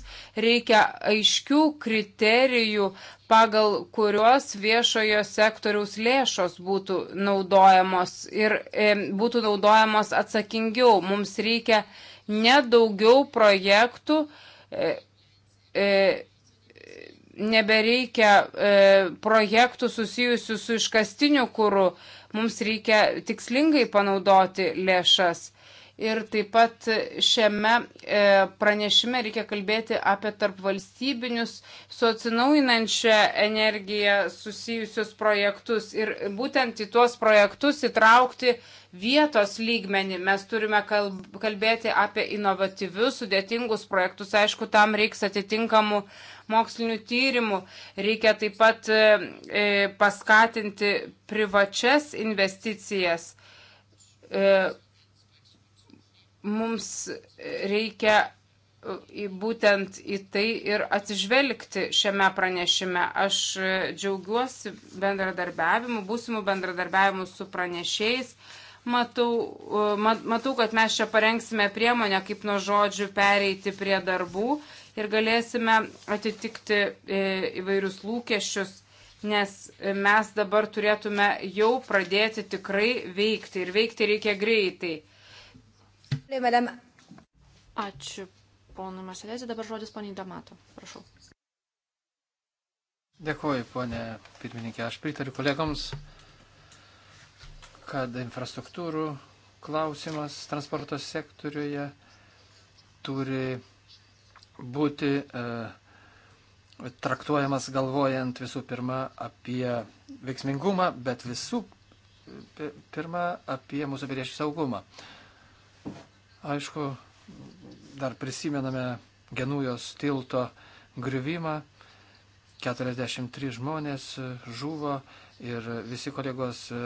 [SPEAKER 2] reikia aiškių kriterijų, pagal kuriuos viešojo sektoriaus lėšos būtų naudojamos ir e, būtų naudojamos atsakingiau. Mums reikia nedaugiau projektų. E, e, nebereikia e, projektų susijusių su iškastiniu kūru. E, Mums reikia tikslingai panaudoti lėšas Ir taip pat šiame e, pranešime reikia kalbėti apie tarp valstybinius su atsinaujinančia energija susijusius projektus. Ir būtent į tuos projektus įtraukti vietos lygmenį. Mes turime kalbėti apie inovatyvius, sudėtingus projektus. Aišku, tam reiks atitinkamų mokslinių tyrimų. Reikia taip pat e, e, paskatinti privačias investicijas mums reikia e, būtent į tai ir atsižvelgti šiame pranešime. Aš e, džiaugiuosi bendradarbiavimu, būsimų bendradarbiavimu su pranešėjais. Matau, e, matau, kad mes čia parengsime priemonę, kaip nuo žodžių pereiti prie darbų ir galėsime atitikti įvairius lūkesčius, nes mes dabar turėtume jau pradėti tikrai veikti ir veikti reikia greitai
[SPEAKER 1] Ačiū, ponu Maselėzi. Dabar žodis poniai Damato. Prašau.
[SPEAKER 3] Dėkuoju, ponė pirmininkė. Aš pritariu kolegoms, kad infrastruktūrų klausimas transporto sektoriuje turi būti e, traktuojamas galvojant visų pirma apie veiksmingumą, bet visų e, pirma apie mūsų piliečių saugumą. E, Aišku, dar prisimename Genujos tilto griuvimą. 43 žmonės žuvo ir visi kolegos e,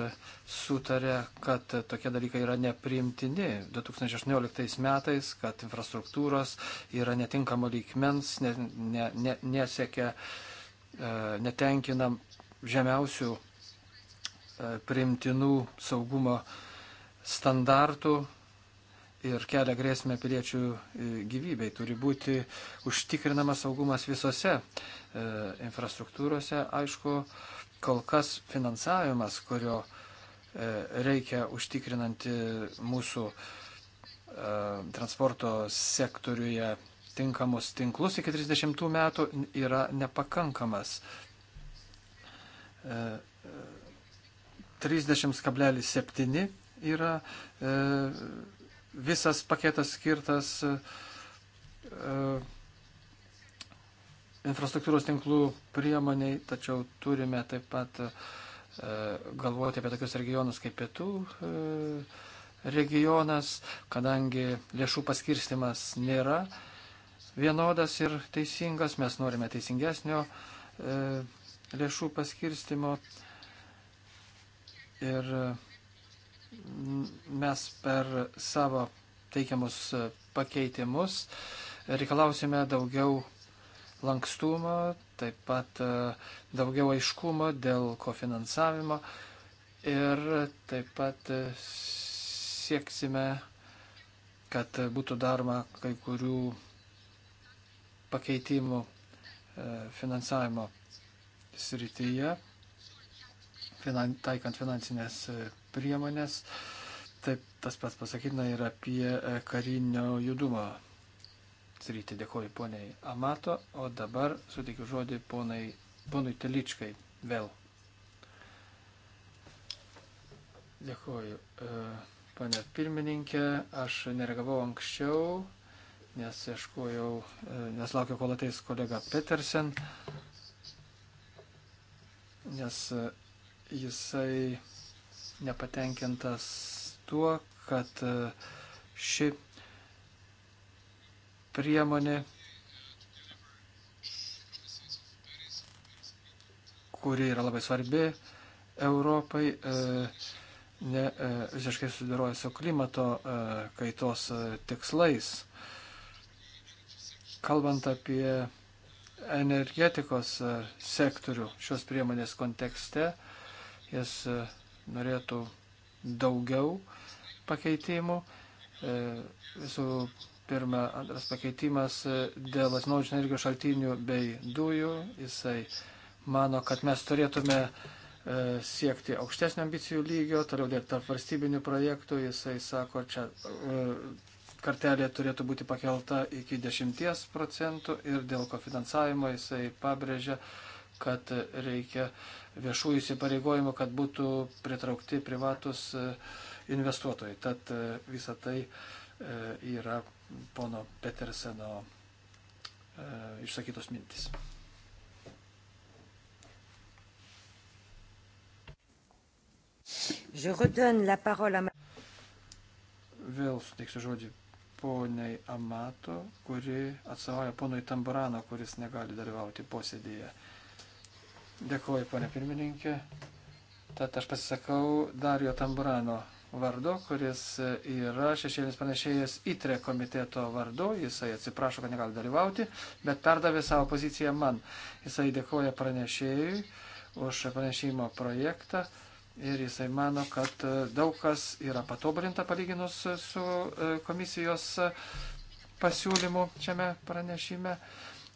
[SPEAKER 3] sutarė, kad tokie dalykai yra neprimtini. 2018 metais, kad infrastruktūros yra netinkamo lygmens, ne, ne, ne, nesiekia, e, netenkinam žemiausių e, primtinų saugumo standartų ir kelia grėsmę piliečių e, gyvybei. Turi būti užtikrinamas saugumas visose e, infrastruktūrose. Aišku, kol kas finansavimas, kurio e, reikia užtikrinanti mūsų transporto sektoriuje tinkamus tinklus iki 30 metų, yra nepakankamas. 30,7 yra e, visas paketas skirtas e, e, infrastruktūros tinklų priemoniai, tačiau turime taip pat e, galvoti apie tokius regionus kaip pietų regionas, kadangi lėšų paskirstimas nėra vienodas ir teisingas, mes norime teisingesnio lėšų paskirstimo. Ir uh, mes per savo teikiamus pakeitimus reikalausime daugiau lankstumo, taip pat e, daugiau aiškumo dėl kofinansavimo ir taip pat e, sieksime, kad būtų daroma kai kurių pakeitimų e, finansavimo srityje finan, taikant finansinės e, priemonės. Taip tas pats pasakytina ir apie e, karinio judumo sritį. Dėkoju poniai Amato, o dabar suteikiu žodį ponai, ponui Teličkai vėl. Dėkoju. Pane pirmininkė, aš neregavau anksčiau, nes ieškojau, e, nes laukiau, kol ateis kolega Petersen, nes Jisai nepatenkintas tuo, kad e, ši priemonė, kuri yra labai svarbi Europai, e, ne, e, visiškai sudaroja su klimato kaitos tikslais. Kalbant apie energetikos sektorių šios priemonės kontekste, jis e, norėtų daugiau pakeitimų. E, visų pirma, antras pakeitimas e, dėl atsinaujinančių energijos šaltinių bei dujų. Jisai mano, kad mes turėtume siekti aukštesnio ambicijų lygio, toliau dėl tarp valstybinių projektų, jisai sako, čia kartelė turėtų būti pakelta iki 10 procentų ir dėl kofinansavimo jisai pabrėžia, kad reikia viešųjų įsipareigojimų, kad būtų pritraukti privatus e, investuotojai. Tad e, visa tai e, yra pono Peterseno išsakytos mintis. Vėl suteiksiu žodį poniai Amato, kuri atsavoja ponui Tamburano, kuris negali dalyvauti posėdėje. Dėkuoju, ponė pirmininkė. Tad aš pasisakau Dario Tamburano vardu, kuris yra šešėlis panašėjas ITRE komiteto vardu. Jisai atsiprašo, kad negali dalyvauti, bet perdavė savo poziciją man. Jisai dėkoja pranešėjui už pranešimo projektą ir jisai mano, kad daug kas yra patobulinta palyginus su e, komisijos e, pasiūlymu šiame pranešime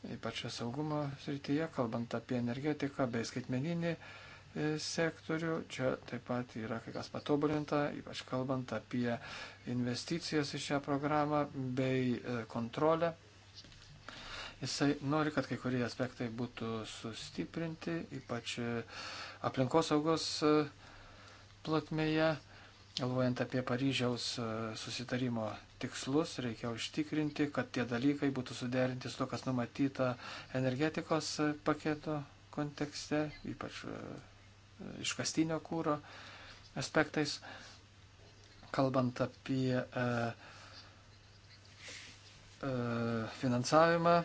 [SPEAKER 3] ypač saugumo srityje, kalbant apie energetiką bei skaitmeninį e, sektorių. Čia taip pat yra kai kas patobulinta, ypač kalbant apie investicijas į šią programą bei e, kontrolę. Jisai nori, kad kai kurie aspektai būtų sustiprinti, ypač e, aplinkosaugos plotmėje, galvojant apie Paryžiaus susitarimo tikslus, reikia užtikrinti, kad tie dalykai būtų suderinti su to, kas numatyta energetikos e, paketo kontekste, ypač e, e, iškastinio kūro aspektais. Kalbant apie e, e, finansavimą,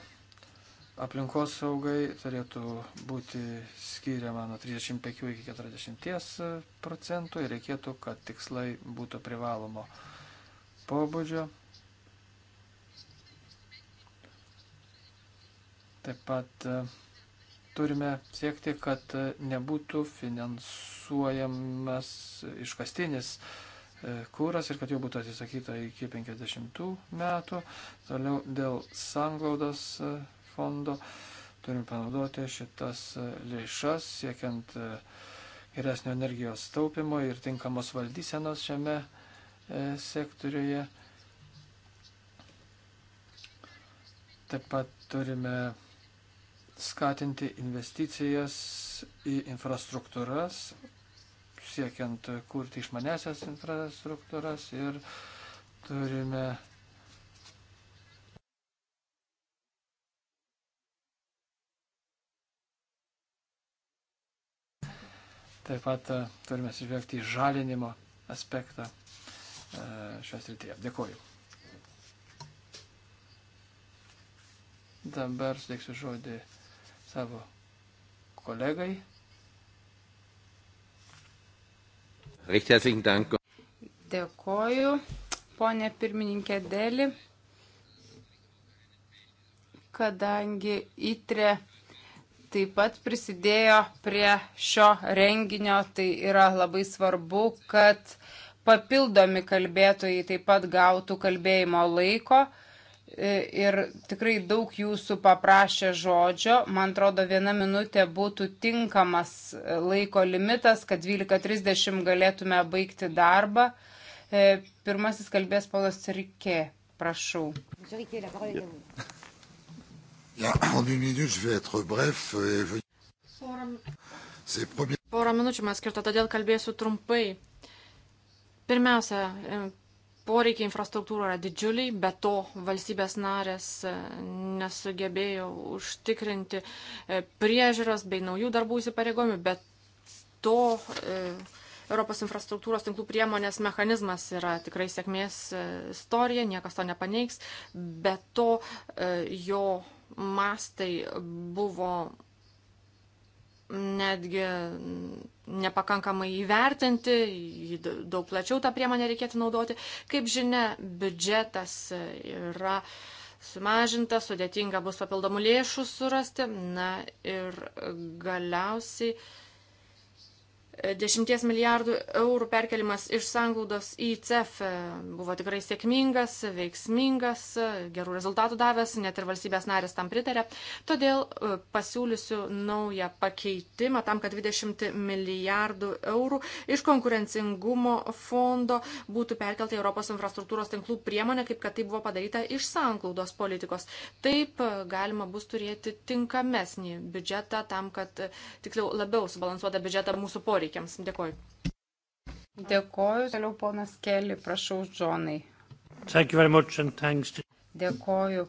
[SPEAKER 3] aplinkos saugai turėtų būti skiriama nuo 35 iki 40 procentų ir reikėtų, kad tikslai būtų privalomo pobūdžio. Taip pat e, turime siekti, kad e, nebūtų finansuojamas iškastinis e, kūras ir kad jau būtų atsisakyta iki 50 metų. Toliau dėl sanglaudos fondo turime panaudoti šitas lėšas siekiant geresnio energijos taupimo ir tinkamos valdysenos šiame E, sektoriuje. Taip pat turime skatinti investicijas į infrastruktūras, siekiant kurti išmanesias infrastruktūras ir turime Taip pat turime atsižvelgti į žalinimo aspektą E, šią srityje. Dėkuoju. Dabar suteiksiu žodį savo kolegai. Dėkoju,
[SPEAKER 2] ponė pirmininkė Deli, kadangi įtrė taip pat prisidėjo prie šio renginio, tai yra labai svarbu, kad uh, papildomi kalbėtojai taip pat gautų kalbėjimo laiko. E, ir tikrai daug jūsų paprašė žodžio. Man atrodo, viena minutė būtų tinkamas e, laiko limitas, kad 12.30 galėtume baigti darbą. E, pirmasis kalbės Paulas Rikė. Prašau.
[SPEAKER 1] Porą minučių man skirta, todėl kalbėsiu trumpai. Pirmiausia, e, poreikiai infrastruktūrų yra didžiuliai, bet to valstybės narės e, nesugebėjo užtikrinti e, priežiūros bei naujų darbų įsipareigojimų, bet to Europos infrastruktūros tinklų priemonės mechanizmas yra tikrai sėkmės istorija, niekas to nepaneiks, bet to jo mastai buvo netgi nepakankamai įvertinti, daug plačiau tą priemonę reikėtų naudoti. Kaip žinia, biudžetas yra sumažinta, sudėtinga bus papildomų lėšų surasti. Na ir galiausiai 10 milijardų eurų perkelimas iš sanglaudos į CEF e, buvo tikrai sėkmingas, veiksmingas, e, gerų rezultatų davęs, net ir valstybės narės tam pritarė. Todėl e, pasiūlysiu naują pakeitimą tam, kad 20 milijardų eurų iš konkurencingumo fondo būtų perkelta į Europos infrastruktūros tinklų priemonę, kaip kad tai buvo padaryta iš sanglaudos politikos. Taip galima bus turėti tinkamesnį biudžetą tam, kad tiksliau labiau subalansuotą biudžetą mūsų poreikiai poreikiams. Dėkoju.
[SPEAKER 2] Dėkoju. Toliau ponas Keli, prašau, Džonai. Dėkoju.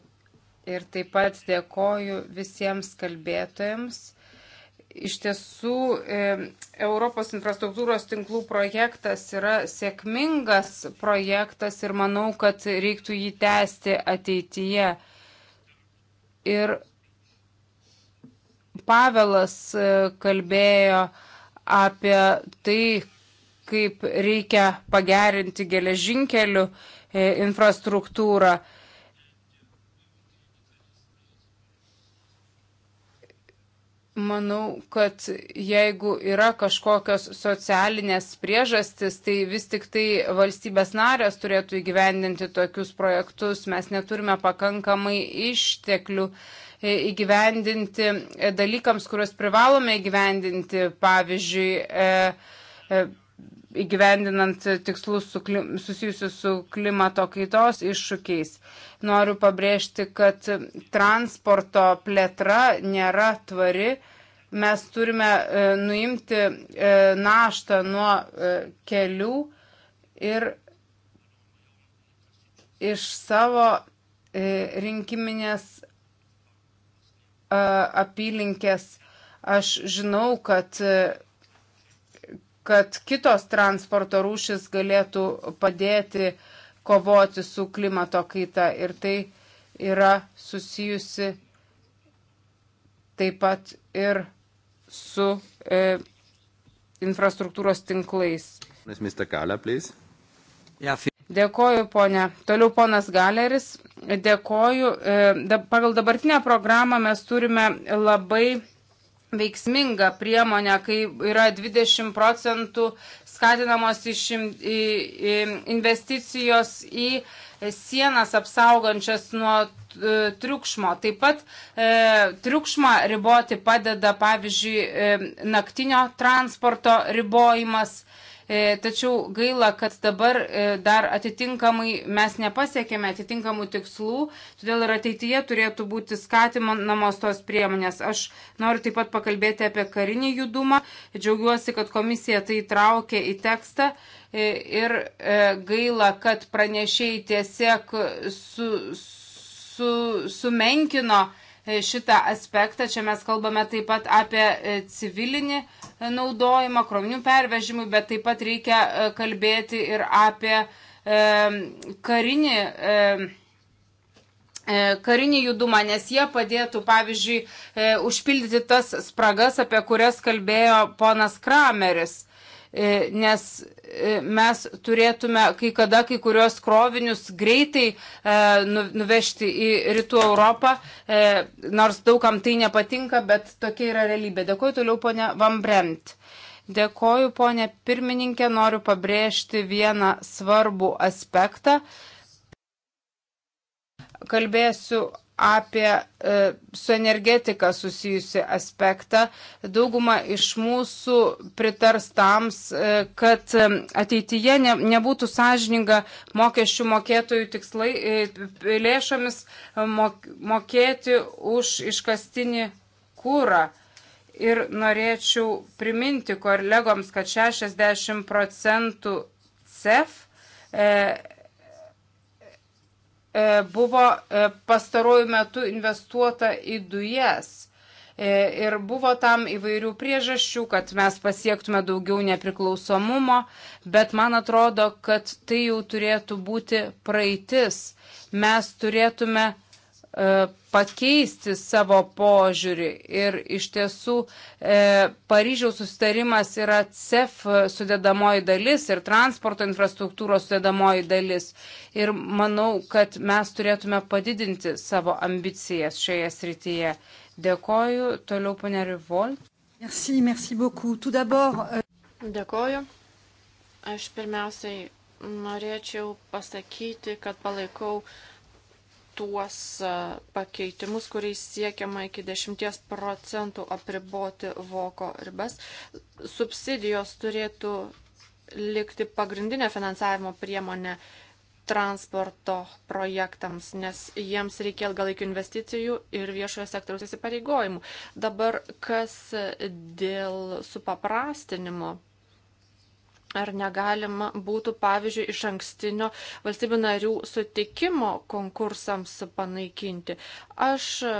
[SPEAKER 2] Ir taip pat dėkoju visiems kalbėtojams. Iš tiesų, e, Europos infrastruktūros tinklų projektas yra sėkmingas projektas ir manau, kad reiktų jį tęsti ateityje. Ir Pavelas e, kalbėjo apie tai, kaip reikia pagerinti geležinkelių e, infrastruktūrą. Manau, kad jeigu yra kažkokios socialinės priežastis, tai vis tik tai valstybės narės turėtų įgyvendinti tokius projektus. Mes neturime pakankamai išteklių E, įgyvendinti e, dalykams, kuriuos privalome įgyvendinti, pavyzdžiui, e, įgyvendinant tikslus su klim, susijusius su klimato kaitos iššūkiais. Noriu pabrėžti, kad transporto plėtra nėra tvari. Mes turime e, nuimti e, naštą nuo e, kelių ir iš savo e, rinkiminės apylinkės. Aš žinau, kad, kad kitos transporto rūšis galėtų padėti kovoti su klimato kaita ir tai yra susijusi taip pat ir su e, infrastruktūros tinklais.
[SPEAKER 1] Mr. Kala, please. Ja,
[SPEAKER 2] Dėkoju, ponė. Toliau ponas Galeris. Dėkoju. E, pagal dabartinę programą mes turime labai veiksminga priemonė, kai yra 20 procentų skatinamos išim, į, į investicijos į sienas apsaugančias nuo e, triukšmo. Taip pat e, triukšmą riboti padeda, pavyzdžiui, e, naktinio transporto ribojimas. E, E, tačiau gaila, kad dabar e, dar atitinkamai mes nepasiekėme atitinkamų tikslų, todėl ir ateityje turėtų būti skatinamos tos priemonės. Aš noriu taip pat pakalbėti apie karinį judumą. Džiaugiuosi, kad komisija tai traukė į tekstą e, ir gaila, kad pranešėjai tiesiog su, su, sumenkino su E, šitą aspektą. Čia mes kalbame taip pat apie e, civilinį e, naudojimą, krovinių pervežimui, bet taip pat reikia kalbėti ir apie karinį, karinį judumą, nes jie padėtų, pavyzdžiui, užpildyti tas spragas, apie kurias kalbėjo ponas Krameris. E, nes e, mes turėtume kai kada kai kurios krovinius greitai e, nu, nuvežti į rytų Europą, nors daugam tai nepatinka, bet tokia yra realybė. Dėkuoju toliau, ponė Vambremt. Dėkoju, ponė pirmininkė, noriu pabrėžti vieną svarbų aspektą. Kalbėsiu apie e, su energetika susijusi aspektą. Dauguma iš mūsų pritars tams, e, kad e, ateityje ne, nebūtų sąžininga mokesčių mokėtojų tikslai lėšomis mok, mokėti už iškastinį kūrą. Ir norėčiau priminti kolegoms, kad 60 procentų CEF e, E, buvo e, pastarojų metų investuota į dujas. E, ir buvo tam įvairių priežasčių, kad mes pasiektume daugiau nepriklausomumo, bet man atrodo, kad tai jau turėtų būti praeitis. Mes turėtume E, pakeisti savo požiūrį. Ir iš tiesų e, Paryžiaus sustarimas yra CEF sudėdamoji dalis ir transporto infrastruktūros sudėdamoji dalis. Ir manau, kad mes turėtume padidinti savo ambicijas šioje srityje. Dėkoju. Toliau, ponė Rivol. Merci, merci beaucoup. Tout
[SPEAKER 1] d'abord. Euh, Dėkoju. Aš pirmiausiai norėčiau pasakyti, kad palaikau uh, tuos e, pakeitimus, kuriais siekiama iki 10 procentų apriboti voko ribas. Subsidijos turėtų likti pagrindinę finansavimo priemonę transporto projektams, nes jiems reikia ilgalaikių investicijų ir viešojo sektoriaus įsipareigojimų. Dabar kas dėl supaprastinimo ar negalima būtų, pavyzdžiui, iš ankstinio valstybių narių sutikimo konkursams panaikinti. Aš e,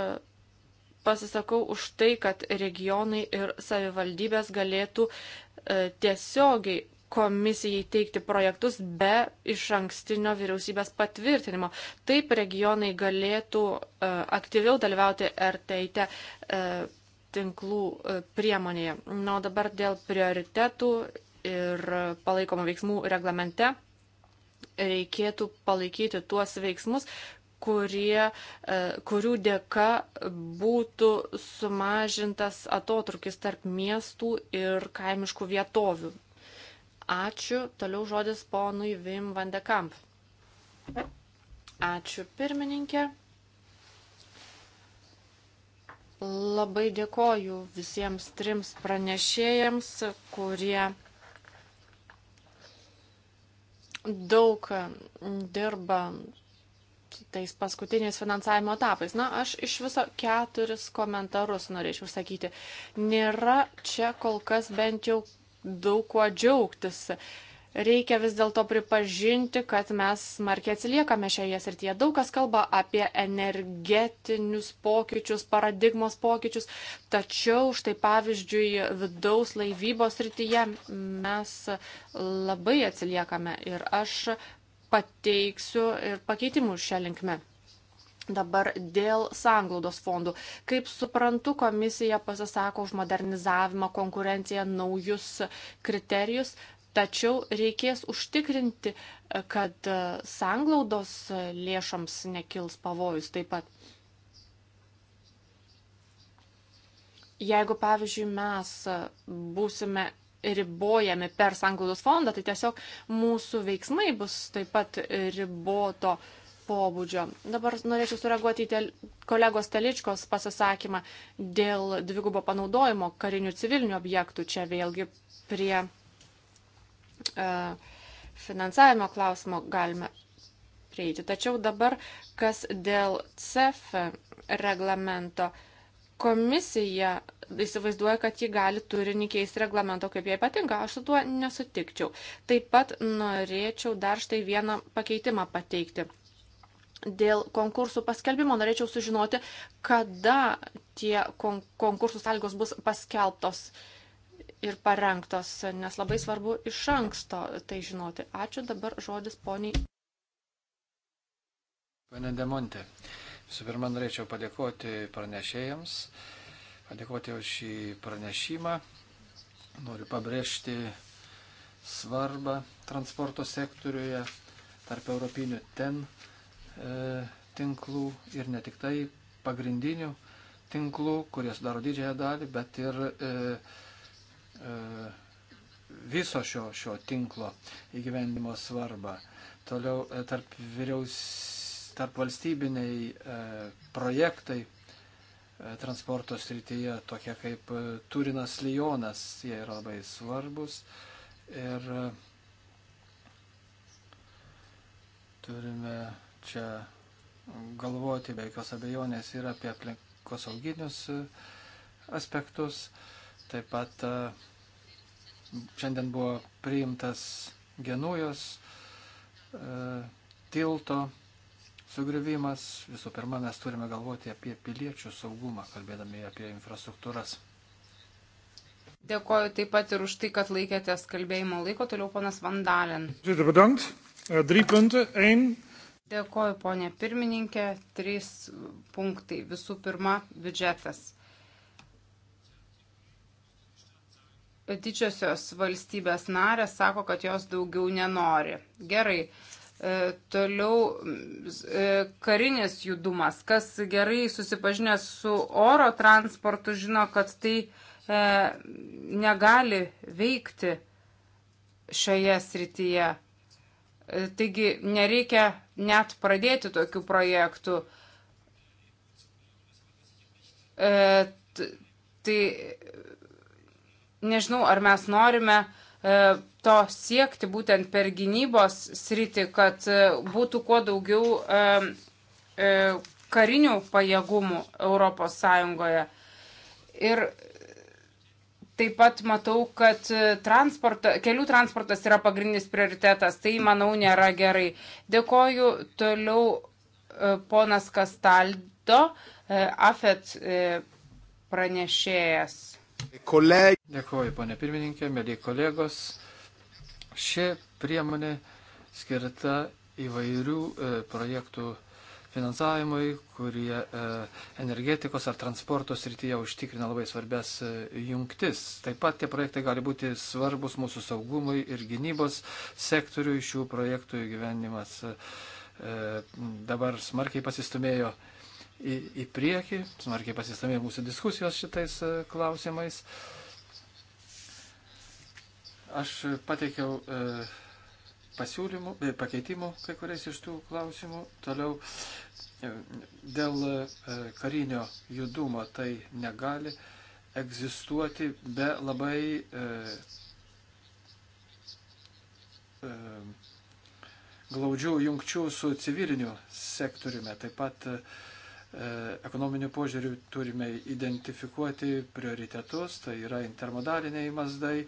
[SPEAKER 1] pasisakau už tai, kad regionai ir savivaldybės galėtų e, tiesiogiai komisijai teikti projektus be iš ankstinio vyriausybės patvirtinimo. Taip regionai galėtų e, aktyviau dalyvauti RTIT tinklų priemonėje. Na, o dabar dėl prioritetų ir palaikomų veiksmų reglamente reikėtų palaikyti tuos veiksmus, kurie, e, kurių dėka būtų sumažintas atotrukis tarp miestų ir kaimiškų vietovių. Ačiū. Toliau žodis ponui Vim Vandekamp. Ačiū pirmininkė. Labai dėkoju visiems trims pranešėjams, kurie daug e, dirba tais paskutiniais finansavimo etapais. Na, aš iš viso keturis komentarus norėčiau sakyti. Nėra čia kol kas bent jau daug kuo džiaugtis reikia vis dėlto pripažinti, kad mes smarkiai atsiliekame šioje srityje. Daug kas kalba apie energetinius pokyčius, paradigmos pokyčius, tačiau štai pavyzdžiui vidaus laivybos srityje mes labai atsiliekame ir aš pateiksiu ir pakeitimų šią linkmę. Dabar dėl sanglaudos fondų. Kaip suprantu, komisija pasisako už modernizavimą, konkurenciją, naujus kriterijus, Tačiau reikės užtikrinti, kad sanglaudos lėšams nekils pavojus taip pat. Jeigu, pavyzdžiui, mes būsime ribojami per sanglaudos fondą, tai tiesiog mūsų veiksmai bus taip pat riboto pobūdžio. Dabar norėčiau sureaguoti į tel, kolegos Teličkos pasisakymą dėl dvigubo panaudojimo karinių civilinių objektų. Čia vėlgi prie E, finansavimo klausimo galime prieiti. Tačiau dabar, kas dėl CEF reglamento, komisija įsivaizduoja, kad ji gali turinį keisti reglamento, kaip jai patinka. Aš su tuo nesutikčiau. Taip pat norėčiau dar štai vieną pakeitimą pateikti. Dėl konkursų paskelbimo norėčiau sužinoti, kada tie kon konkursų sąlygos bus paskelbtos. Uh, ir parengtos, nes labai svarbu iš anksto tai žinoti. Ačiū dabar žodis poniai.
[SPEAKER 3] Pane Demonte, visų pirma, norėčiau padėkoti pranešėjams, padėkoti už šį pranešimą. Noriu pabrėžti svarbą transporto sektoriuje tarp europinių ten e, tinklų ir ne tik tai pagrindinių tinklų, kurie sudaro didžiąją dalį, bet ir e, E, viso šio, šio tinklo įgyvendimo svarbą. Toliau e, tarp, vyriaus, tarp valstybiniai e, projektai transporto srityje, tokie kaip Turinas Lyonas, jie yra labai svarbus. Ir turime čia galvoti be jokios abejonės ir apie aplinkosauginius aspektus. Uh, Taip pat e, šiandien buvo priimtas genujos e, tilto sugrivimas. Visų pirma, mes turime galvoti apie piliečių saugumą, kalbėdami apie infrastruktūras.
[SPEAKER 2] Dėkoju taip pat ir už tai, kad laikėtės kalbėjimo laiko. Toliau ponas Vandalin.
[SPEAKER 3] E,
[SPEAKER 2] Dėkoju, ponė pirmininkė. Trys punktai. Visų pirma, biudžetas. didžiosios valstybės narės sako, kad jos daugiau nenori. Gerai. E, toliau e, karinis judumas. Kas gerai susipažinęs su oro transportu žino, kad tai e, negali veikti šioje srityje. Taigi nereikia net pradėti tokių projektų. Tai nežinau, ar mes norime e, to siekti būtent per gynybos sritį, kad e, būtų kuo daugiau e, karinių pajėgumų Europos Sąjungoje. Ir taip pat matau, kad transporta, kelių transportas yra pagrindinis prioritetas. Tai, manau, nėra gerai. Dėkoju toliau ponas Kastaldo, AFET pranešėjas.
[SPEAKER 3] Kolegė. Dėkuoju, ponė pirmininkė, mėly kolegos. Ši priemonė skirta įvairių e, projektų finansavimui, kurie e, energetikos ar transporto srityje užtikrina labai svarbias e, jungtis. Taip pat tie projektai gali būti svarbus mūsų saugumui ir gynybos sektoriui. Šių projektų įgyvendimas e, dabar smarkiai pasistumėjo į, į priekį, smarkiai pasistamė mūsų diskusijos šitais e, klausimais. Aš pateikiau e, pasiūlymų, e, pakeitimų kai kuriais iš tų klausimų. Toliau e, dėl e, karinio judumo tai negali egzistuoti be labai e, e, glaudžių jungčių su civiliniu sektoriumi. Taip pat e, E, ekonominiu požiūriu turime identifikuoti prioritetus, tai yra intermodaliniai mazdai,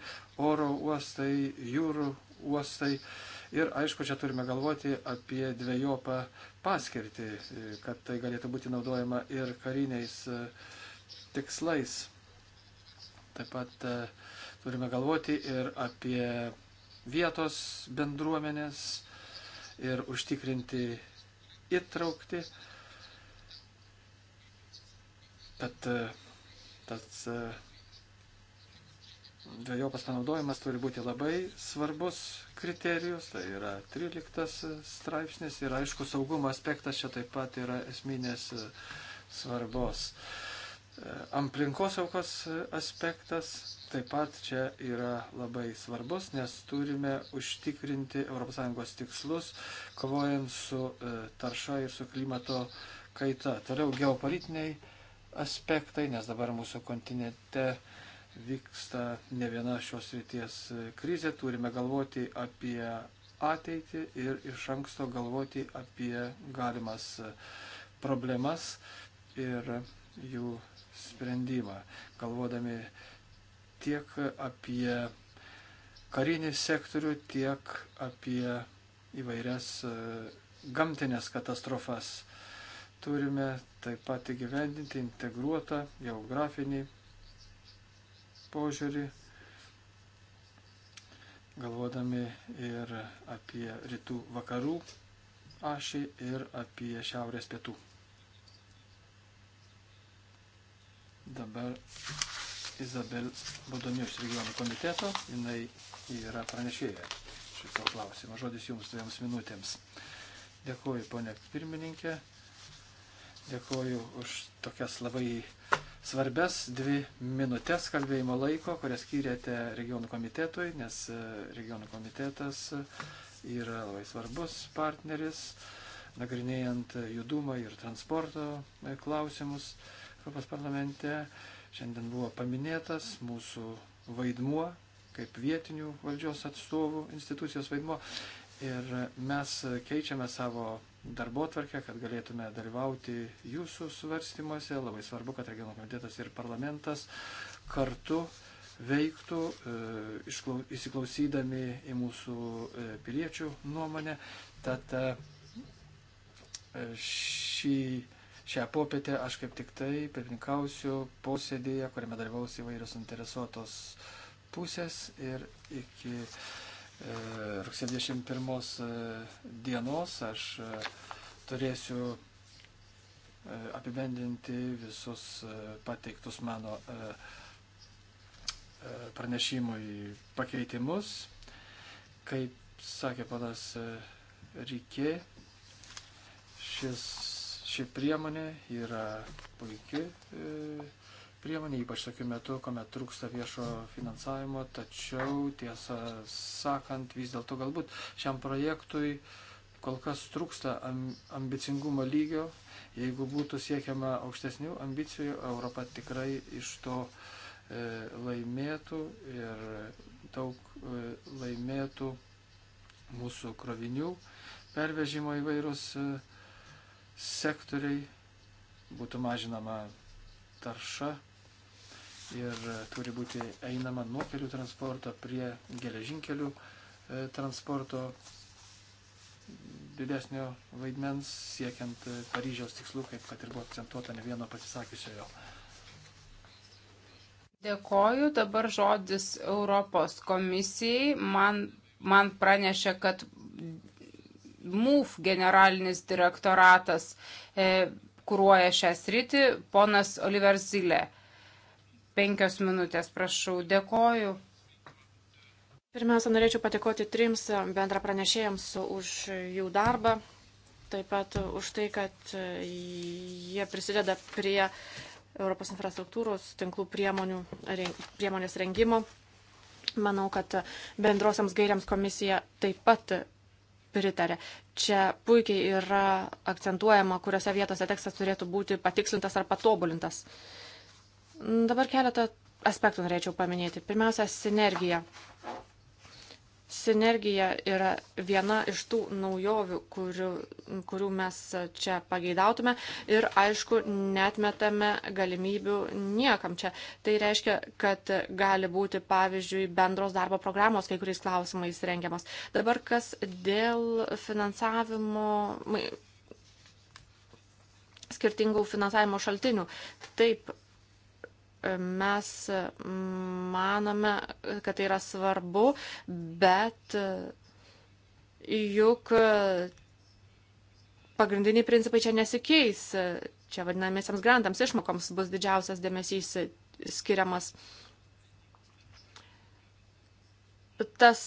[SPEAKER 3] oro uostai, jūrų uostai. Ir aišku, čia turime galvoti apie dviejopą paskirtį, e, kad tai galėtų būti naudojama ir kariniais e, tikslais. Taip pat turime galvoti ir apie vietos bendruomenės ir užtikrinti įtraukti. Bet tas e, dviejopas panaudojimas turi būti labai svarbus kriterijus, tai yra 13 e, straipsnis ir aišku saugumo aspektas čia taip pat yra esminės e, svarbos. Aplinkosaukos aspektas taip pat čia yra labai svarbus, nes turime užtikrinti ES tikslus, kovojant su tarša ir su klimato kaita. Toliau geopolitiniai aspektai, nes dabar mūsų kontinente vyksta ne viena šios ryties krizė, turime galvoti apie ateitį ir iš anksto galvoti apie galimas problemas ir jų sprendimą, galvodami tiek apie karinį sektorių, tiek apie įvairias gamtinės katastrofas. Turime taip pat įgyvendinti integruotą geografinį požiūrį, galvodami ir apie rytų vakarų ašį ir apie šiaurės pietų. Dabar Izabel Bodomijos regionų komiteto, jinai yra pranešėja šito klausimo. Žodis jums dviems minutėms. Dėkuoju, ponė pirmininkė. Dėkuoju už tokias labai svarbes dvi minutės kalbėjimo laiko, kurias skyrėte regionų komitetui, nes e, regionų komitetas e, yra labai svarbus partneris, nagrinėjant judumą ir transporto e, klausimus Europos parlamente. Šiandien buvo paminėtas mūsų vaidmuo kaip vietinių valdžios atstovų institucijos vaidmuo ir mes keičiame savo darbo tvarkę, kad galėtume dalyvauti jūsų svarstymuose. Labai svarbu, kad regionų komitetas ir parlamentas kartu veiktų, e, įsiklausydami į mūsų e, piliečių nuomonę. Tad e, šį, šią popietę aš kaip tik tai pirmininkausiu posėdėje, kuriame dalyvaus įvairios interesuotos pusės ir iki E, rugsėjo 21 e, dienos aš e, turėsiu apibendinti visus pateiktus mano pranešimui pakeitimus. Kaip sakė panas Rykė, šis, ši priemonė yra puikiai priemonė, ypač tokiu metu, kuomet trūksta viešo finansavimo, tačiau tiesą sakant, vis dėlto galbūt šiam projektui kol kas trūksta ambicingumo lygio. Jeigu būtų siekiama aukštesnių ambicijų, Europa tikrai iš to e, laimėtų ir daug e, laimėtų mūsų krovinių pervežimo įvairūs e, sektoriai, būtų mažinama tarša ir e, turi būti einama nuo kelių transporto prie geležinkelių e, transporto didesnio vaidmens siekiant e, Paryžiaus tikslų, kaip kad ir buvo akcentuota ne vieno pasisakiusiojo.
[SPEAKER 2] Dėkoju, dabar žodis Europos komisijai. Man, man pranešė, kad MUF generalinis direktoratas e, kūruoja šią sritį, ponas Oliver Zilė. Penkios minutės, prašau. Dėkoju.
[SPEAKER 1] Pirmiausia, norėčiau patikoti trims bendra pranešėjams už jų darbą, taip pat už tai, kad jie prisideda prie Europos infrastruktūros tinklų priemonių, priemonės rengimo. Manau, kad bendrosiams gairiams komisija taip pat pritarė. Čia puikiai yra akcentuojama, kuriuose vietose tekstas turėtų būti patikslintas ar patobulintas. Uh, Dabar keletą aspektų norėčiau paminėti. Pirmiausia, sinergija. Sinergija yra viena iš tų naujovių, kurių, kurių mes čia pageidautume ir aišku, netmetame galimybių niekam čia. Tai reiškia, kad gali būti, pavyzdžiui, bendros darbo programos kai kuriais klausimais rengiamas. Dabar kas dėl finansavimo, skirtingų finansavimo šaltinių. Taip, mes manome, kad tai yra svarbu, bet juk pagrindiniai principai čia nesikeis. Čia vadinamiesiams grantams išmokoms bus didžiausias dėmesys skiriamas. Tas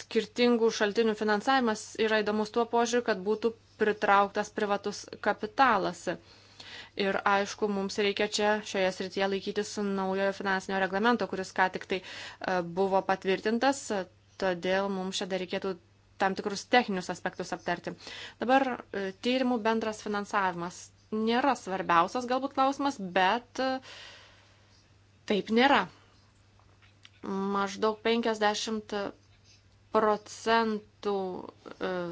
[SPEAKER 1] skirtingų šaltinių finansavimas yra įdomus tuo požiūriu, kad būtų pritrauktas privatus kapitalas. Ir aišku, mums reikia čia šioje srityje laikytis naujojo finansinio reglamento, kuris ką tik tai e, buvo patvirtintas, todėl mums čia dar reikėtų tam tikrus techninius aspektus aptarti. Dabar e, tyrimų bendras finansavimas nėra svarbiausias galbūt klausimas, bet e, taip nėra. Maždaug 50 procentų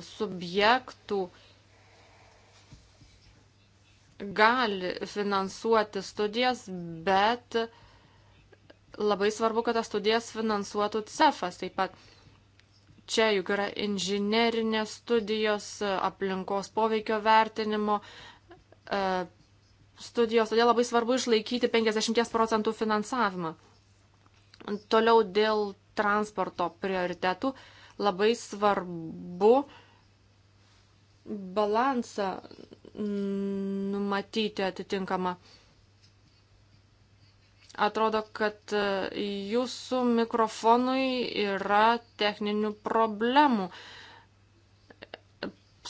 [SPEAKER 1] subjektų gali finansuoti studijas, bet labai svarbu, kad tas studijas finansuotų CEFAS taip pat. Čia juk yra inžinerinės studijos, aplinkos poveikio vertinimo e, studijos, todėl labai svarbu išlaikyti 50 procentų finansavimą. Toliau dėl transporto prioritetų labai svarbu balansą numatyti atitinkamą. Atrodo, kad e, jūsų mikrofonui yra techninių problemų.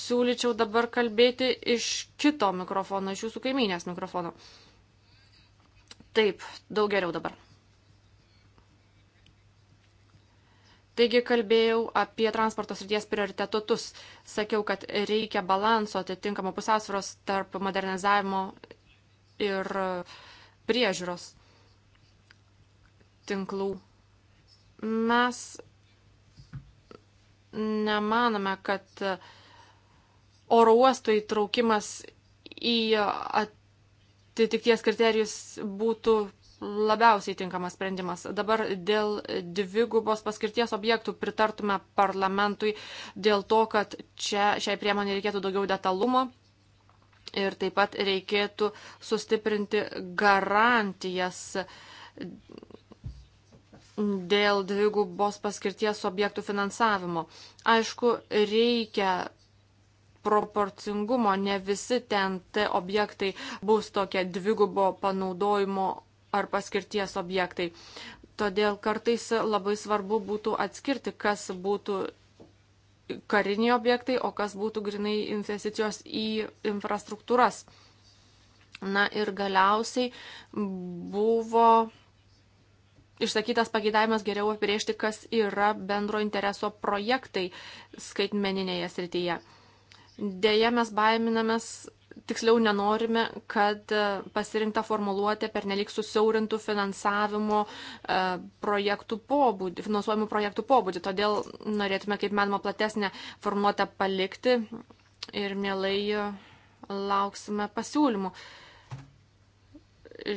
[SPEAKER 1] Siūlyčiau dabar kalbėti iš kito mikrofono, iš jūsų kaiminės mikrofono. Taip, daug geriau dabar. Taigi kalbėjau apie transporto srities prioritetus. Sakiau, kad reikia balanso atitinkamo pusiausvėros tarp modernizavimo ir priežiūros tinklų. Mes nemanome, kad oro uosto įtraukimas į atitikties kriterijus būtų labiausiai tinkamas sprendimas. Dabar dėl dvigubos paskirties objektų pritartume parlamentui dėl to, kad čia šiai priemonė reikėtų daugiau detalumo. Ir taip pat reikėtų sustiprinti garantijas dėl dvigubos paskirties objektų finansavimo. Aišku, reikia proporcingumo, ne visi ten te objektai bus tokie dvigubo panaudojimo ar paskirties objektai. Todėl kartais labai svarbu būtų atskirti, kas būtų kariniai objektai, o kas būtų grinai investicijos į infrastruktūras. Na ir galiausiai buvo išsakytas pageidavimas geriau apibrėžti, kas yra bendro intereso projektai skaitmeninėje srityje. Deja, mes baiminamės tiksliau nenorime, kad e, pasirinkta formuluotė pernelik susiaurintų finansavimo e, projektų pobūdį, finansuojamų projektų pobūdį. Todėl norėtume, kaip manoma, platesnę formuluotę palikti ir mielai e, lauksime pasiūlymų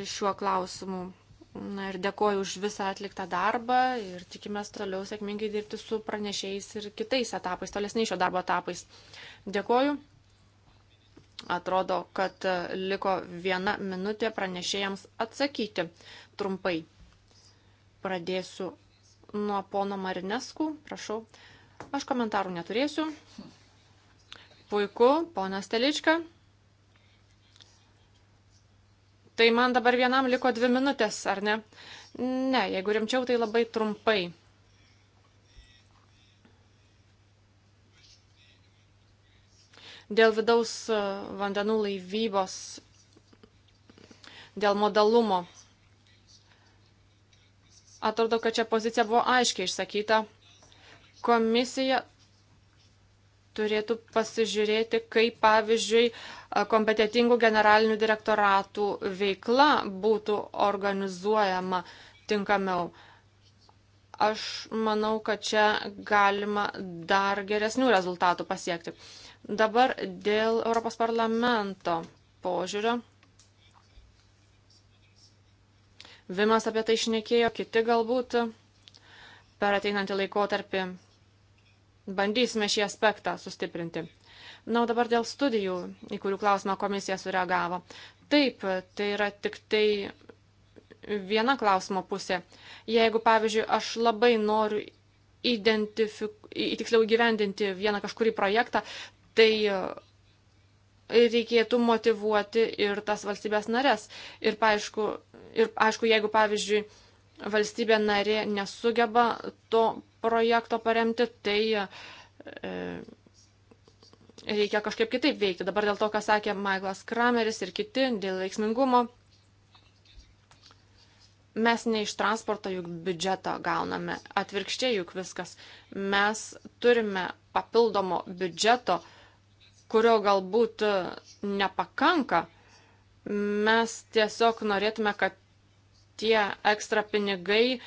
[SPEAKER 1] šiuo klausimu. Na ir dėkoju už visą atliktą darbą ir tikimės toliau sėkmingai dirbti su pranešėjais ir kitais etapais, tolesniais šio darbo etapais. Dėkoju. Atrodo, kad e, liko viena minutė pranešėjams atsakyti trumpai. Pradėsiu nuo pono Marineskų, prašau. Aš komentarų neturėsiu. Puiku, ponas Telička. Tai man dabar vienam liko dvi minutės, ar ne? Ne, jeigu rimčiau, tai labai trumpai. Dėl vidaus e, vandenų laivybos, dėl modalumo. Atrodo, kad čia pozicija buvo aiškiai išsakyta. Komisija turėtų pasižiūrėti, kaip pavyzdžiui e, kompetitingų generalinių direktoratų veikla būtų organizuojama tinkamiau. Aš manau, kad čia galima dar geresnių rezultatų pasiekti. Dabar dėl Europos parlamento požiūrio. Vimas apie tai išnekėjo, kiti galbūt per ateinantį laikotarpį bandysime šį aspektą sustiprinti. Na, o dabar dėl studijų, į kurių klausimą komisija sureagavo. Taip, tai yra tik tai viena klausimo pusė. Jeigu, pavyzdžiui, aš labai noriu identifik... tiksliau įgyvendinti vieną kažkurį projektą, tai e, reikėtų motivuoti ir tas valstybės narės. Ir, paaišku, ir aišku, jeigu, pavyzdžiui, valstybė narė nesugeba to projekto paremti, tai e, reikia kažkaip kitaip veikti. Dabar dėl to, ką sakė Maiklas Krameris ir kiti, dėl veiksmingumo. Mes ne iš transporto juk biudžetą gauname, atvirkščiai juk viskas. Mes turime papildomo biudžeto uh, kurio galbūt e, nepakanka. Mes tiesiog norėtume, kad tie ekstra pinigai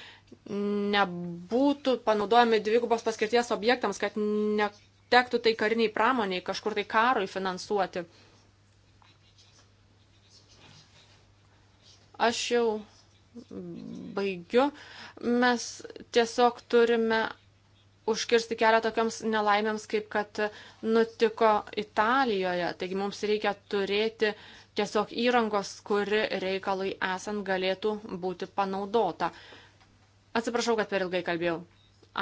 [SPEAKER 1] nebūtų panaudojami dvigubos paskirties objektams, kad netektų tai kariniai pramoniai, kažkur tai karui finansuoti. Aš jau baigiu. Mes tiesiog turime užkirsti kelią tokioms nelaimėms, kaip kad nutiko Italijoje. Taigi mums reikia turėti tiesiog įrangos, kuri reikalui esant galėtų būti panaudota. Atsiprašau, kad per ilgai kalbėjau.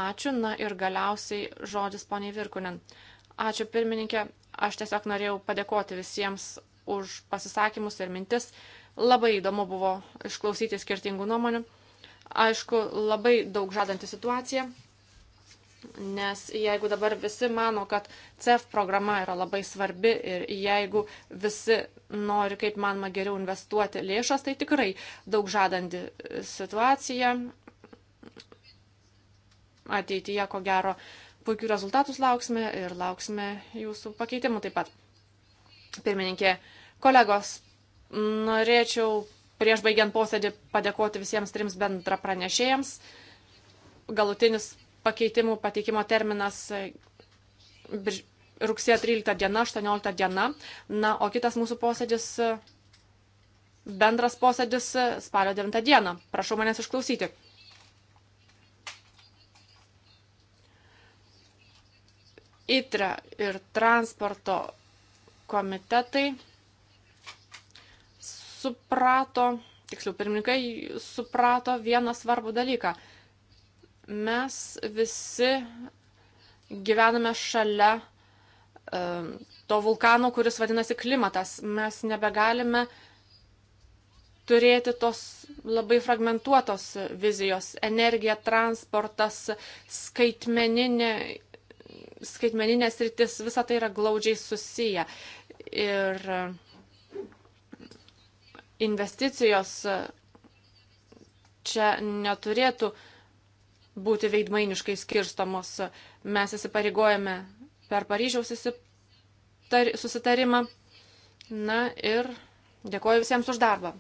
[SPEAKER 1] Ačiū, na ir galiausiai žodis poniai Virkunen. Ačiū pirmininkė, aš tiesiog norėjau padėkoti visiems už pasisakymus ir mintis. Labai įdomu buvo išklausyti skirtingų nuomonių. Aišku, labai daug žadanti situacija. Nes jeigu dabar visi mano, kad CEF programa yra labai svarbi ir jeigu visi nori, kaip manoma, geriau investuoti lėšas, tai tikrai daug žadanti situacija. Ateityje, ko gero, puikių rezultatus lauksime ir lauksime jūsų pakeitimų taip pat. Pirmininkė, kolegos, norėčiau prieš baigiant posėdį padėkoti visiems trims bendra pranešėjams. Galutinis pakeitimų pateikimo terminas e, rugsėjo 13 diena, 18 diena. Na, o kitas mūsų posėdis, e, bendras posėdis e, spalio 9 diena. Prašau manęs išklausyti. ITRE ir transporto komitetai suprato, tiksliau pirmininkai suprato vieną svarbų dalyką – Mes visi gyvename šalia um, to vulkano, kuris vadinasi klimatas. Mes nebegalime turėti tos labai fragmentuotos vizijos - energija, transportas, skaitmeninė, skaitmeninės rytis, visa tai yra glaudžiai susiję. Ir um, investicijos uh, čia neturėtų uh, būti veidmainiškai skirstamos. Mes įsipareigojame per Paryžiaus susitarimą. Na ir dėkoju visiems už darbą.